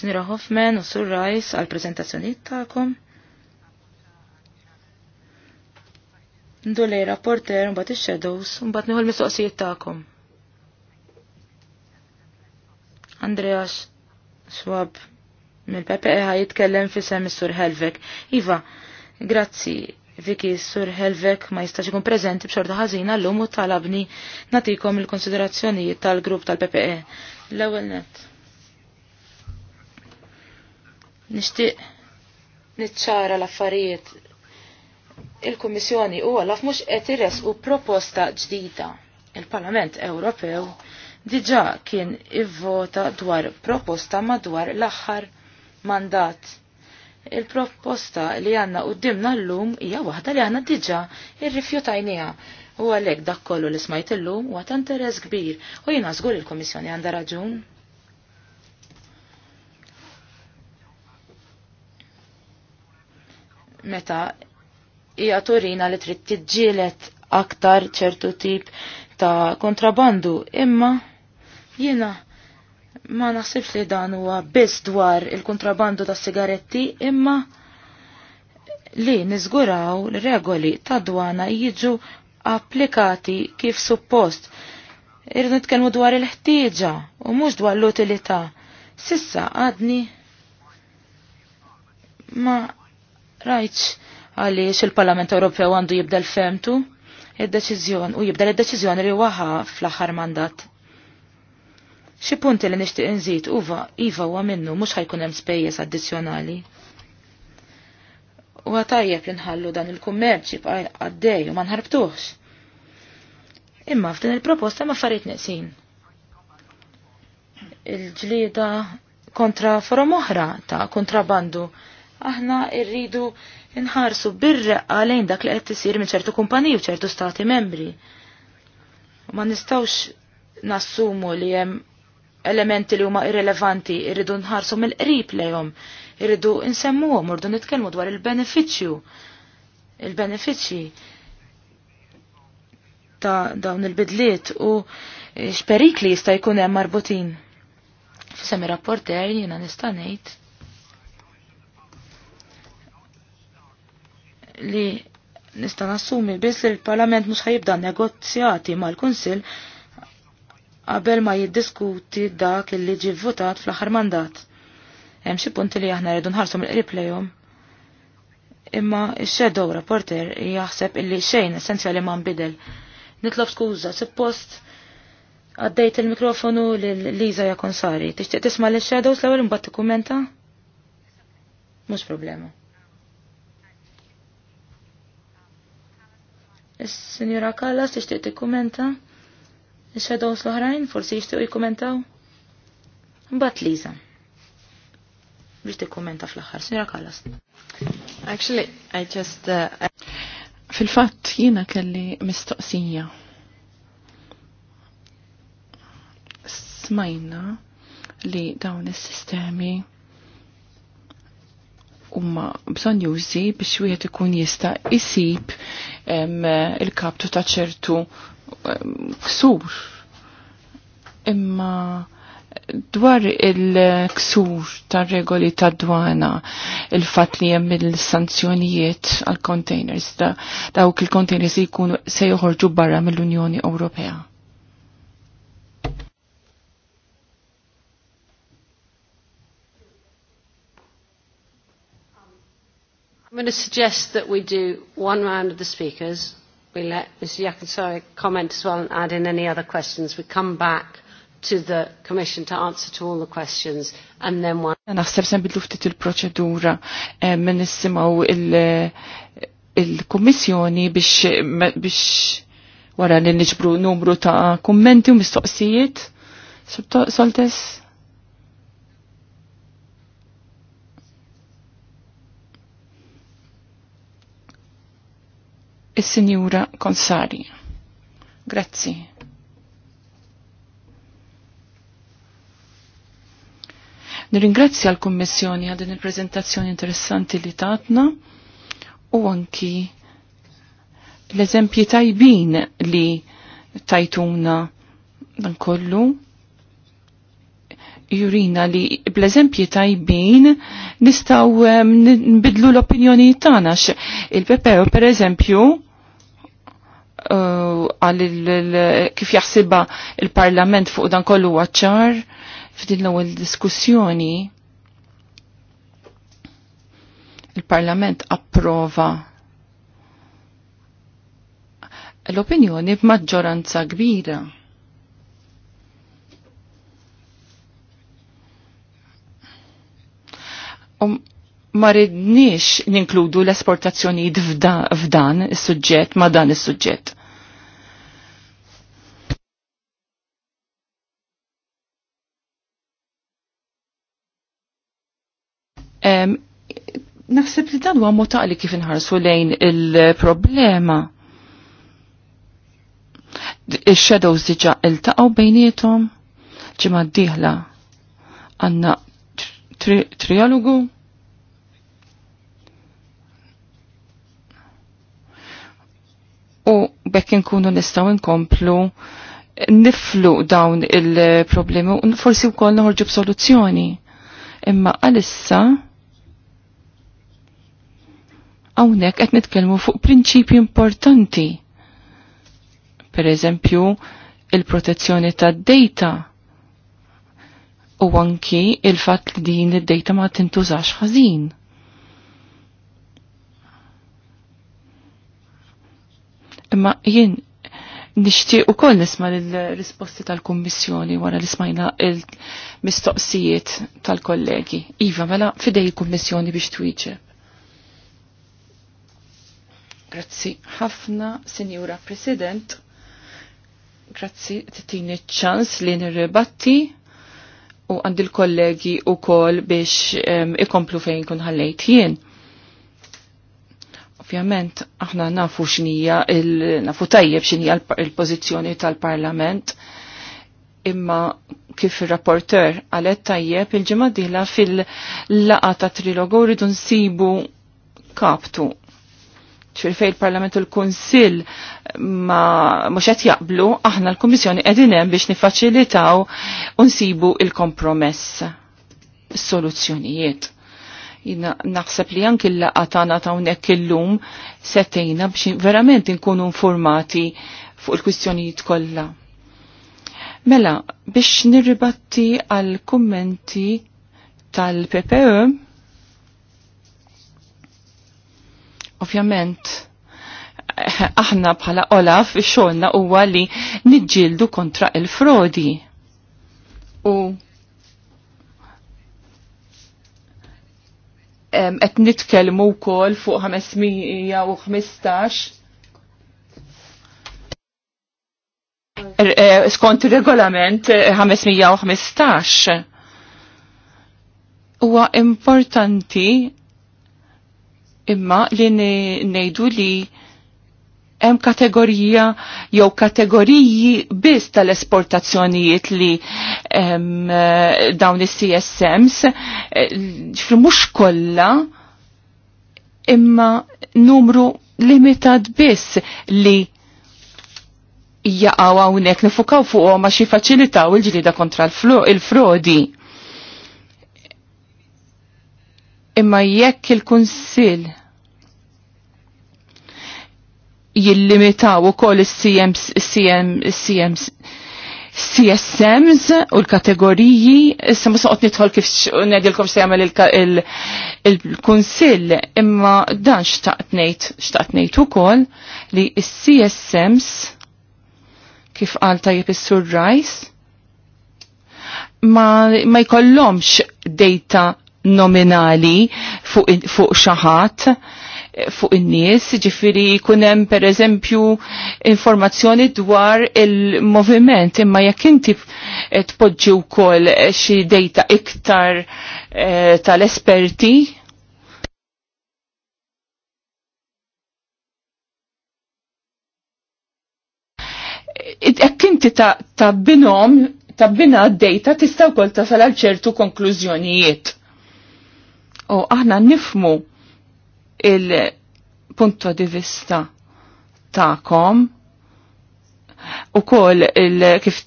Sinira Hoffman u Sur Rice għal prezentazzjoniet ta'kom. Ndulej rapporter, mbagħad ix-shadows, mbagħad nieħu l-mistoqsijiet tagħkom. Andreas Schwab mill-PPE ħaj jitkellem fi sem sur Helvek. Iva, grazzi Viki sur Helvek ma jistax ikun preżenti b'xorta ħażina llum u talabni natikom il-konsiderazzjonijiet tal-grupp tal-PPE. L-ewwel net. Nixtieq niċċara l-affarijiet. Il-Kummissjoni huwa laf mhux qed u proposta ġdida. Il-Parlament Ewropew diġà kien ivvota dwar proposta madwar l-aħħar mandat. Il-proposta li għanna u dimna l-lum hija waħda li għanna diġa ir-rifjutajnija. U għalek dak kollu li smajt l-lum u għatan teres kbir u jina zgur il kommissjoni għanda raġun. meta hija torina li trid tiġielet aktar ċertu tip ta' kontrabandu, imma jiena ma naħsibx li dan huwa biss dwar il-kontrabandu ta' sigaretti, imma li niżguraw regoli ta' dwana jiġu applikati kif suppost. Irridu nitkellmu dwar il-ħtieġa u mhux dwar l-utilità. Sissa għadni ma rajtx għaliex il-Parlament Ewropew għandu jibdel femtu id-deċiżjon u jibda id-deċiżjoni li waħa fl-aħħar mandat. Xi punti li nixtieq inżid uva iva huwa minnu mhux ħajkun hemm spejjeż addizzjonali. Huwa tajjeb li nħallu dan il-kummerċ jibqa' għaddej u ma nħarbtuħx. Imma f'din il-proposta ma affarijiet neqsin. Il-ġlieda kontra forom oħra ta' kontrabandu aħna rridu nħarsu birra għalejn dak li qed isir minn ċertu kumpaniji u ċertu stati membri. Ma nistgħux nassumu li hemm elementi li huma irrelevanti irridu nħarsu mill-qrib lejhom, irridu nsemmuhom, urdu nitkellmu dwar il-benefiċċju. Il-benefiċċji ta' dawn il-bidliet u x'perikli jista' jkun hemm marbutin. ir rapporter jiena nista' ngħid li nista' nassumi biss li l-Parlament mhux ħajibda negozjati mal-Kunsill qabel ma jiddiskuti dak li ġi votat fl-aħħar mandat. Hemm xi punti li aħna rridu nħarsu mill-qrib Imma x-shadow rapporter jaħseb illi xejn essenzjali ma nbidel. Nitlob skuża suppost għaddejt il-mikrofonu l-Liza Jakonsari. Tixtieq tisma' l-shadows l-ewwel imbagħad dokumenta? Mhux problema. Is-Sinjura Kallas tixtieq tikkumenta. Is-shadows l-oħrajn forsi jixtiequ jikkumentaw. Mbagħad Liza. Biex tikkumenta fl-aħħar, Sinjura Kallas. Actually, I just uh, I... Fil-fatt jiena kelli mistoqsija. Smajna li dawn is-sistemi huma bżonn jużi biex wieħed ikun jista' isib il-kaptu ta' ċertu ksur. Imma dwar il-ksur ta' regoli ta' dwana, il-fat li jem il-sanzjonijiet għal-containers, dawk il-containers jikunu se joħorġu barra mill-Unjoni Ewropea. going to suggest that we do one round of the speakers. We let Ms. Yakensari comment as well and add in any other questions. We come back to the Commission to answer to all the questions and then one. Naħseb sem bidlu ftit il-proċedura eh, minn nissimaw eh, il-Kommissjoni biex wara li niġbru numru ta' kummenti u mistoqsijiet. Soltes? is-Sinjura Konsari. Grazzi. Nirringrazzja l-Kummissjoni għal din il prezentazzjoni interessanti li tatna u anki l-eżempji tajbin li tajtuna dan kollu jurina li bl-eżempji tajbin nistaw nbidlu l-opinjoni tana. il-Pepeo per eżempju uh, għal kif jaħsiba il-Parlament fuq dan kollu għacċar f'din l-ewwel diskussjoni il-Parlament approva l-opinjoni b'maġġoranza kbira. Um, ma rridniex ninkludu l-esportazzjonijiet f'dan is-suġġett ma dan is-suġġett. Um, Naħseb li dan huwa mutaqli kif inħarsu lejn il-problema. Ix-shadows diġà iltaqgħu bejniethom ġimgħa d għandna trialogu. U bekk inkunu nistgħu nkomplu niflu dawn il-problemi u forsi wkoll noħorġu b'soluzzjoni. Imma għalissa hawnhekk qed nitkellmu fuq prinċipji importanti. Per eżempju, il-protezzjoni tad-data u anki il-fat li din id-dejta ma tintużax ħażin. Imma jien nixtieq ukoll nisma l-risposti tal-Kummissjoni wara li smajna l-mistoqsijiet tal-kollegi. Iva, mela fidej il-Kummissjoni biex twieġeb. Grazzi ħafna, Sinjura President. Grazzi t-tini ċans li nirribatti u għand il kollegi u kol biex um, ikomplu fejn kun ħallejt jien. Ovvjament, aħna nafu xnija, nafu tajjeb xnija il-pozizjoni tal-parlament, imma kif il-rapporter għalet tajjeb il-ġemadila fil-laqa ta' trilogu rridun nsibu kaptu ċirfej il-Parlament u l-Kunsill ma mux qed jaqblu, aħna l-Kummissjoni qegħdin hemm biex nifacilitaw u nsibu il-kompromess soluzzjonijiet. Naħseb li anki l-laqa tagħna ta' hawnhekk illum setejna biex verament inkunu informati fuq il-kwistjonijiet kollha. Mela, biex nirribatti għal kummenti tal-PPE Ovvjament, aħna bħala Olaf xolna huwa li niġġieldu kontra il-frodi. U qed nitkellmu kol fuq 515 er, eh, skont regolament 515 eh, huwa importanti imma li nejdu li hemm kategorija jew kategoriji biss tal-esportazzjonijiet li dawn is-CSMs eh, ġifri mhux kollha imma numru limitat biss li jaqgħu hawnhekk nifukaw fuqhom ma xi faċilitaw il-ġlida kontra l-frodi. Imma jekk il-Kunsill jillimitaw u koll CMs, CMs, CMs, CSMs u l-kategoriji, issa ma qot nitħol kif nedilkom s jagħmel il-kunsill, imma dan xtaqt ngħid, xtaqt ngħid ukoll li s-CSMs kif qal tajjeb is-Sur ma, ma jkollhomx data nominali fuq, fu xaħat fuq in-nies, ġifiri kunem per eżempju informazzjoni dwar il-moviment, imma jekk inti eh, tpoġġi wkoll eh, xi data iktar eh, tal-esperti, jekk inti ta', ta binom ta' bina d-dejta tista' wkoll tasal għal ċertu konklużjonijiet. U aħna nifmu il-punto di vista ta'kom u kol kif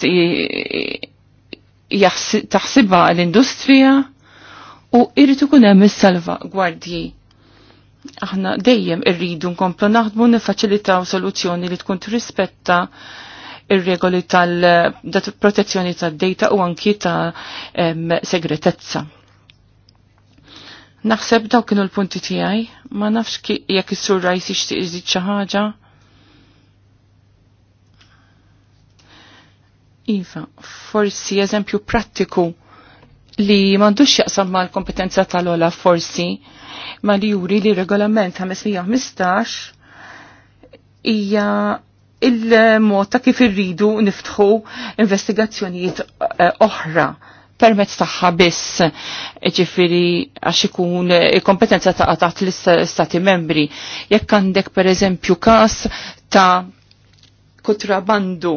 taħsibba l-industrija u irritu kunem il-salva gwardji aħna dejjem irridu nkomplu naħdmu nifaċilitaw soluzzjoni li tkun trispetta ir-regoli tal-protezzjoni tad-data u anki ta' segretezza. Naħseb daw kienu l-punti tiegħi, ma nafx jekk is-sur rajs jixtieq iżid xi ħaġa. Iva, forsi eżempju prattiku li m'għandux jaqsam mal kompetenza tal-ola forsi, ma li juri li regolament 515 hija il-mod ta' kif irridu niftħu investigazzjonijiet eh, oħra. Uh, permezz tagħha biss, ġifiri għax ikun kompetenza ta' taħt l-istati membri. Jekk għandek per eżempju kas ta' kontrabandu,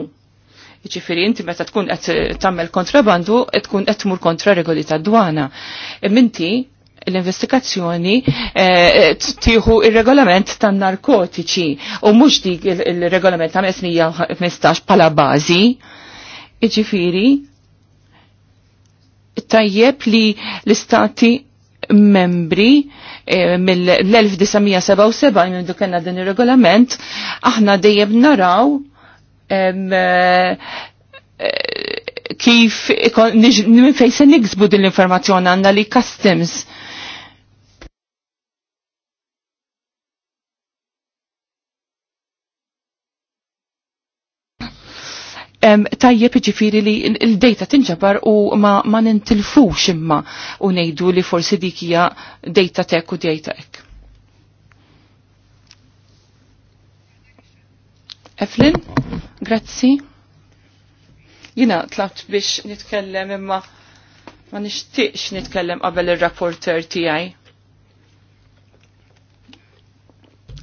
ġifiri inti meta tkun qed tagħmel kontrabandu, tkun qed tmur kontra regoli ta' dwana. Minti l-investigazzjoni eh, tieħu ir-regolament tan-narkotiċi u mhux dik il-regolament ta' 15 bħala bażi. Ġifiri, tajjeb li l-istati membri eh, mill-1977 minn dukenna din ir-regolament, aħna dejjem naraw eh, kif nifejse se niksbu din l-informazzjoni għandna li customs tajjeb ġifiri li il data tinġabar u ma, ma nintilfux imma u nejdu li forsi dikija data tek u data ek. Eflin, grazzi. Jina tlabt biex nitkellem imma ma nishtiqx nitkellem qabel il-rapporter tijaj.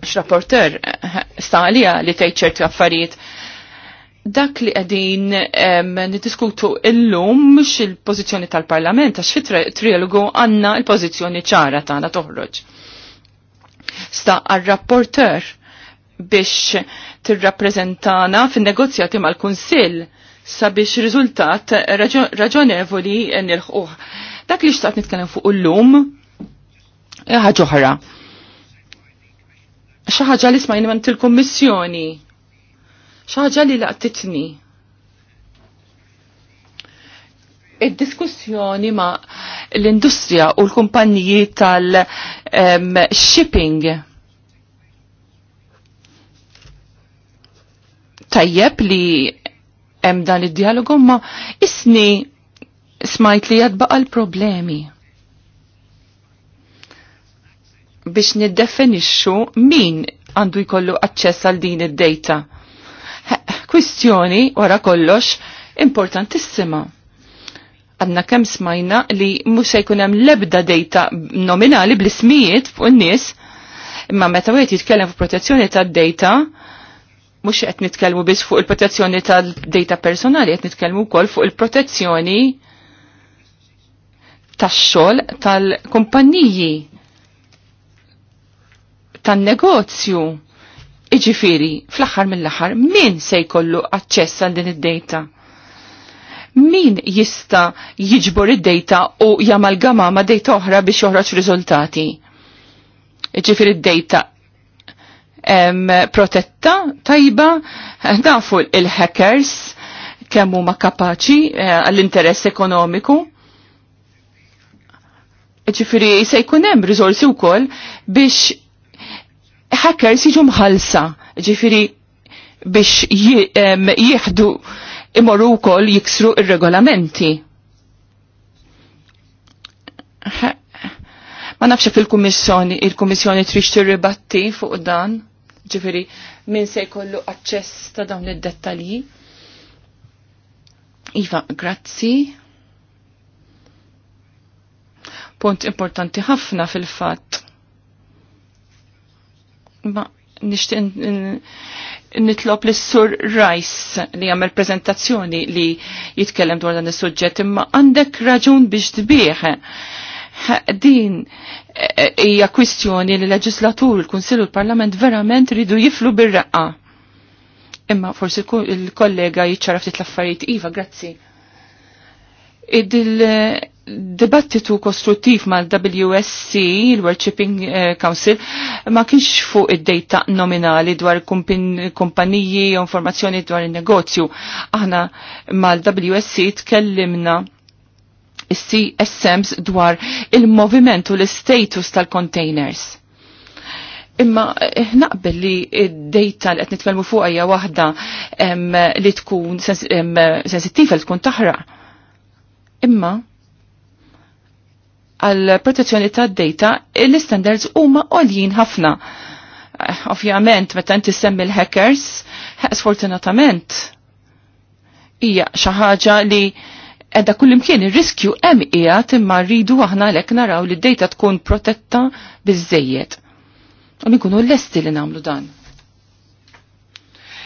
X-rapporter eh, eh, sta li tgħid għaffariet. affarijiet dak li għedin nitiskutu illum mux il-pozizjoni tal-parlament, għax fit trilogu għanna il-pozizjoni ċara tagħna toħroġ. Sta għal-rapporter biex tirrappreżentana fin-negozjati mal-Kunsill sabiex riżultat raġonevoli nilħuħ. Dak li xtaqt nitkellem fuq illum ħaġa oħra. Xi ħaġa li smajna il kummissjoni xaġa li laqtitni. Id-diskussjoni ma l-industrija u l-kumpanniji tal-shipping. Tajjeb li hemm dan id-dialogu ma isni smajt li jadbaqa l-problemi. Biex niddefinixxu min għandu jkollu aċċess għal din id-data kwistjoni wara kollox importantissima. Għadna kemm smajna li mhux se jkun hemm lebda data nominali bl-ismijiet fuq n nies imma meta wieħed jitkellem fuq protezzjoni tad-data, mhux qed nitkellmu biss fuq il-protezzjoni tad-data personali, qed nitkellmu wkoll fuq il-protezzjoni tax-xogħol tal-kumpanniji tan-negozju Iġifiri, fl-axar mill-axar, min se jkollu aċċess għal din id-data? Min jista jiġbor id-data u jamalgama ma data oħra biex joħroġ riżultati? Iġifiri id-data protetta, tajba, nafu il-hackers, kemm huma kapaċi eh, għall-interess ekonomiku. Iġifiri se jkun hemm u wkoll biex hackers jiġu mħalsa, ġifiri biex jieħdu imorru wkoll jiksru il regolamenti Ma nafx fil-kummissjoni, il-kummissjoni trix tirribatti fuq dan, ġifiri min se jkollu aċċess ta' dawn id-dettalji. Iva, grazzi. Punt importanti ħafna fil-fatt Ma nishtiq nitlob lis sur Rice li għamel prezentazzjoni li jitkellem dwar dan is-suġġett imma għandek raġun biex tbieħ. Din eh, eh, hija kwistjoni li l-leġislatur, il-Kunsill u l-Parlament verament ridu jiflu bir-raqqa. Imma forsi il-kollega jiċċara ftit l-affarijiet iva, grazzi. Id-il dibattitu kostruttiv ma' WSC, il-Worshipping eh, Council, ma' kienx fuq id-data nominali dwar u informazzjoni dwar il-negozju. Aħna ma' l-WSC tkellimna CSMs dwar il-moviment u l-status tal-containers. Imma eh, naqbel li id-data li qed nitkellmu fuq hija waħda li tkun sensittiva li tkun taħraq. Imma għal protezzjoni tad-data, l-standards huma għoljin ħafna. Eh, ovvjament, meta inti semmi l-hackers, sfortunatament, hija xi ħaġa li kull kullimkien ir-riskju hemm hija imma rridu aħna lek naraw li d-data tkun protetta biżejjed. U nkunu lesti li nagħmlu dan.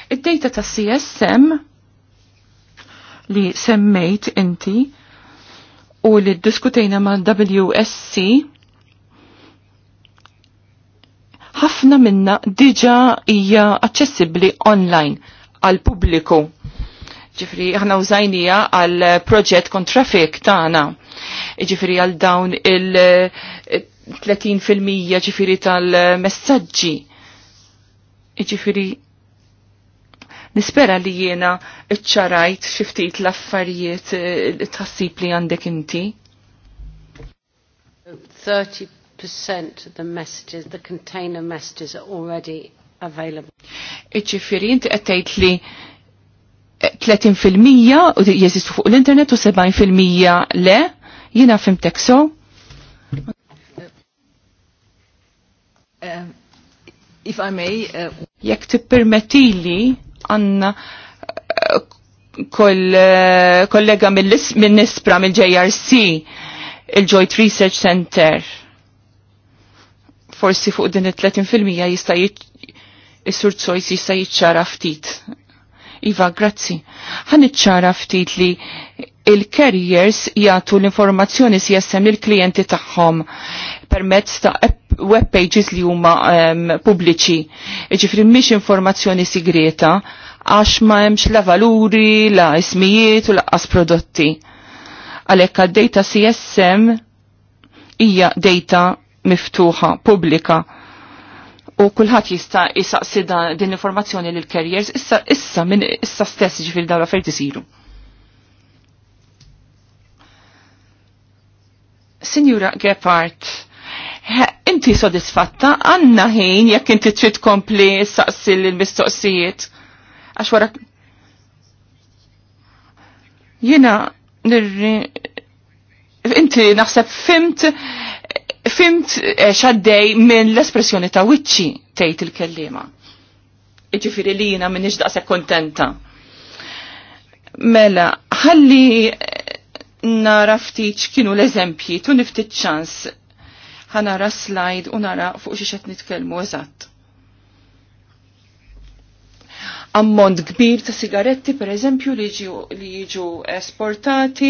Id-data ta' CSM li semmejt inti u li diskutejna ma' WSC ħafna minna diġa hija aċċessibbli online għal pubbliku. Ġifri, ħna użajnija għal proġett kontrafik tagħna. Ġifri għal dawn il-30% eh, ġifri tal-messagġi. Ġifri, Nispera li jiena iċċarajt xi ftit l-affarijiet eh, tħassib li għandek inti. 30% of the messages, the container messages are already available. Iċifiri, inti għattajt li 30% eh, jesistu fuq l-internet u 70% le, jiena fimtek so. Um, if I may... Uh... Jek permettili għanna eh, eh, kollega mill-Nispra mill-JRC il-Joint Research Center. Forsi fuq din it-30% jista' is-sur jista' jiċċara ftit. Iva, grazzi. Għan iċċara ftit li il-carriers jagħtu l-informazzjoni si jessem lill-klijenti tagħhom permezz ta' app web pages li huma um, pubbliċi. Ġifri mhix informazzjoni sigreta għax ma hemmx la valuri, la ismijiet u laqqas prodotti. Għalhekk għad-data CSM hija data miftuħa, pubblika. U kulħadd jista' jisaqsi din informazzjoni lil carriers issa issa minn issa stess ġifil dawn l-affarijiet isiru. Sinjura Gephardt, inti sodisfatta għanna ħin jekk inti trid kompli saqsil il mistoqsijiet Għax wara. Jena inti naħseb fimt fimt eh, xaddej minn l-espressjoni ta' wiċċi tgħid il-kellima. Iġifieri li jiena m'iniex daqshekk kontenta. Mela, ħalli nara ftit kienu l-eżempji, tu niftit ċans ħanara slide u nara fuq xi qed nitkellmu eżatt. Ammont kbir ta' sigaretti pereżempju li jiġu esportati,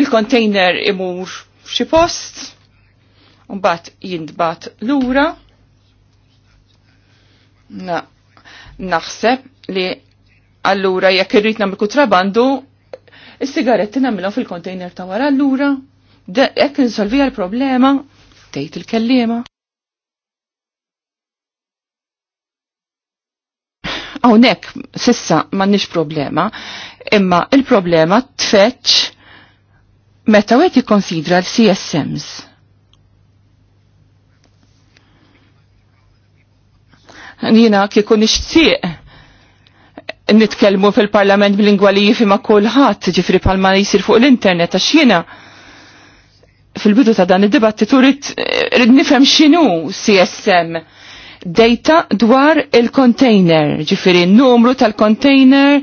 il-container il imur f'xi post, u mbagħad jintbat lura. Na, naħseb li allura jekk irrid nagħmel kutrabandu, is-sigaretti nagħmilhom fil-kontejner ta' wara allura hekk insolvija l-problema tgħid il-kellima. Hawnhekk sissa m'għandniex problema, imma il-problema tfetx meta wieħed jikkonsidra l-CSMs. Nina kieku nixtieq nitkellmu fil-parlament bil-lingwa li jifima kulħadd, ġifri palma jisir fuq l-internet, għax jiena fil-bidu ta' dan id-dibattitu rrid nifhem x'inhu CSM data dwar il-container, ġifiri numru tal-container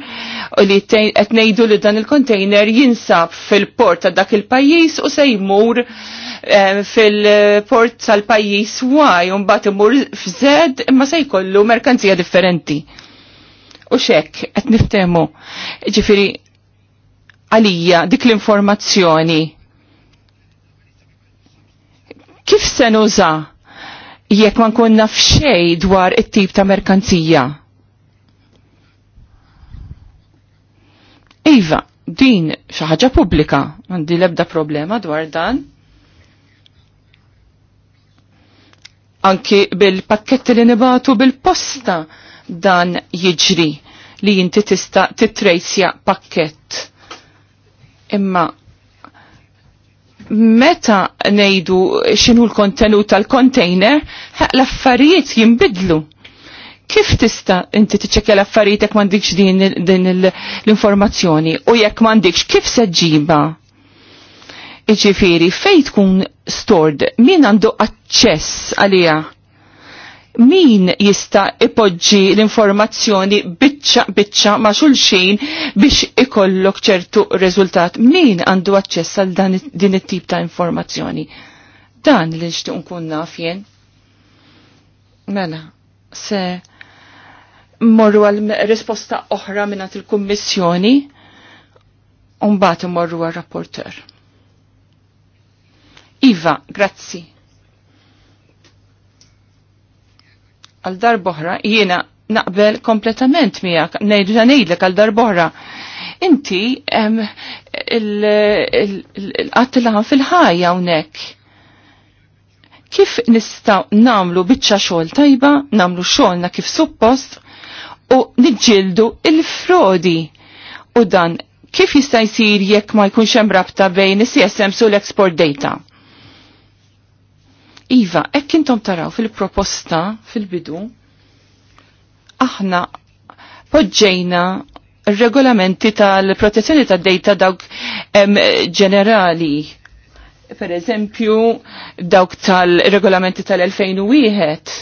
li qed ngħidu li dan il-container jinsab fil-port ta' dak il-pajjiż u se jmur eh, fil-port tal-pajjiż Y u mbagħad imur f'Z imma se jkollu merkanzija differenti. U xek qed niftehmu. Ġifiri għalija dik l-informazzjoni se nuża jekk ma nkun naf xejn dwar it-tip ta' merkanzija. Iva, din xi ħaġa pubblika, għandi l-ebda problema dwar dan. Anki bil-pakketti li nibatu bil-posta dan jiġri li jinti tista titrejsja pakket. Imma meta nejdu xinu l-kontenut tal-kontejner, l-affarijiet jimbidlu. Kif tista inti tiċċekja l-affarijiet jekk mandikx din l-informazzjoni u jekk mandikx kif se Iġifiri, fejt fejn stored, min għandu aċċess għalija? min jista ipoġġi l-informazzjoni bitċa bitċa ma' xulxin biex ikollok ċertu rezultat. Min għandu aċċess għal dan din it-tip ta' informazzjoni? Dan li nixtieq nkun naf jien. Mela, se morru għal risposta oħra minnat il-Kummissjoni un bat morru għal rapporter. Iva, grazzi. għal darboħra jiena naqbel kompletament miegħek, ngħidu ngħidlek għal darboħra. Inti il-qatt il, fil-ħajja hawnhekk. Kif nistgħu namlu biċċa xogħol tajba, namlu xogħolna kif suppost u niġġieldu il-frodi. U dan kif jista' jsir jekk ma jkunx hemm rabta bejn is-CSM u l-export data? Iva, ekk intom taraw fil-proposta fil-bidu, aħna poġġejna regolamenti tal-protezzjoni tad data dawk ġenerali. Per eżempju, dawk tal-regolamenti tal-2001.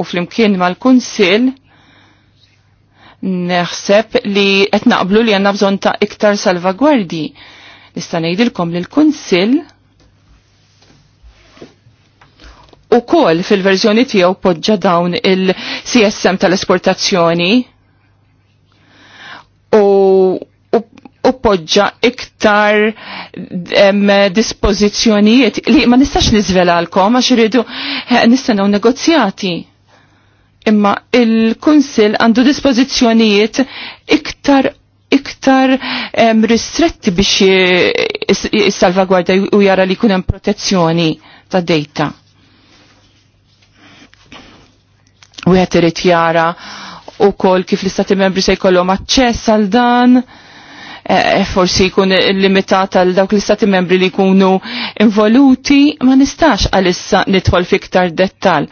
U fl-imkien mal-Kunsil, neħseb li qed naqblu li għandna bżonn ta' iktar salvagwardi. Nista' ngħidilkom li l-Kunsill u kol fil-verżjoni tiegħu poġġa dawn il-CSM tal-esportazzjoni u u poġġa iktar dispożizzjonijiet li ma nistax nizvelalkom għax iridu eh, nistennew negozjati. Imma il-Kunsil għandu dispożizzjonijiet iktar iktar ristretti biex is-salvagwarda u jara li kunem protezzjoni ta' data. Wieħed irid jara wkoll kif l-istati membri se jkollhom aċċess għal dan eh, eh, forsi jkun limitat għal dawk l-istati membri li jkunu involuti, ma nistax għalissa nidħol fiktar dettal.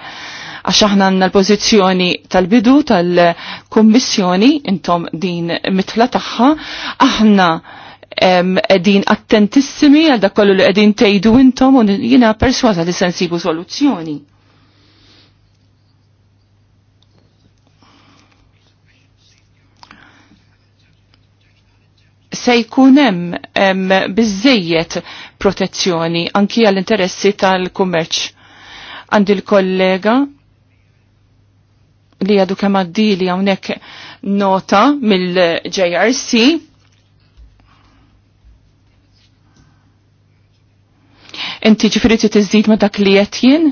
Għax aħna għanna l-pozizjoni tal-bidu tal-kommissjoni, intom din mitla taħħa, aħna edin attentissimi għal dak kollu li edin tejdu intom u jina perswasa li sensibu soluzzjoni. se jkun hemm biżejjed protezzjoni anki għall-interessi tal-kummerċ. Għandi l-kollega li għadu kemm għaddili hawnhekk nota mill-JRC Inti ġifiri tiżdid ma dak li jien?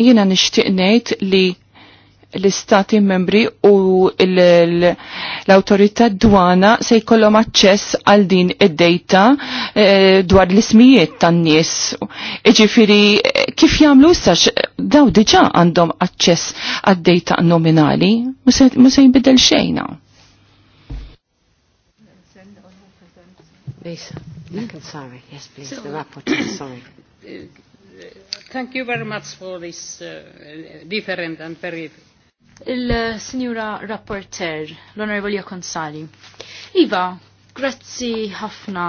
Jiena nixtieq ngħid li l-istati membri u l l-autorità dwana se jkollhom aċċess għal din id-dejta eh, dwar l-ismijiet tan-nies. Iġifieri eh, kif jagħmlu issa daw diġà għandhom aċċess għad-dejta nominali, mhux se jinbidel xejn. Thank you very much for this uh, different and very il-Sinjura Rapporter, l-Onorevoli Konsali. Iva, grazzi ħafna.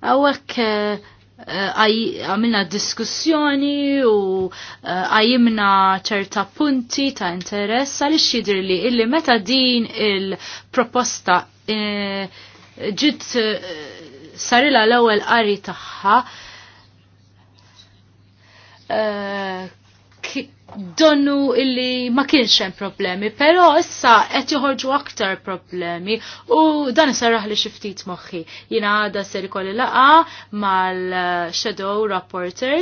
Għawek eh, għamilna diskussjoni u eh, għajimna ċerta punti ta' interess għalix xidir li illi meta din il-proposta eh, ġit sarila l-ewel qari taħħa donnu illi ma kienx hemm problemi, però issa qed joħorġu aktar problemi u dan isarraħ li xi ftit moħħi. Jiena għada ser ikolli laqa mal-Shadow Rapporters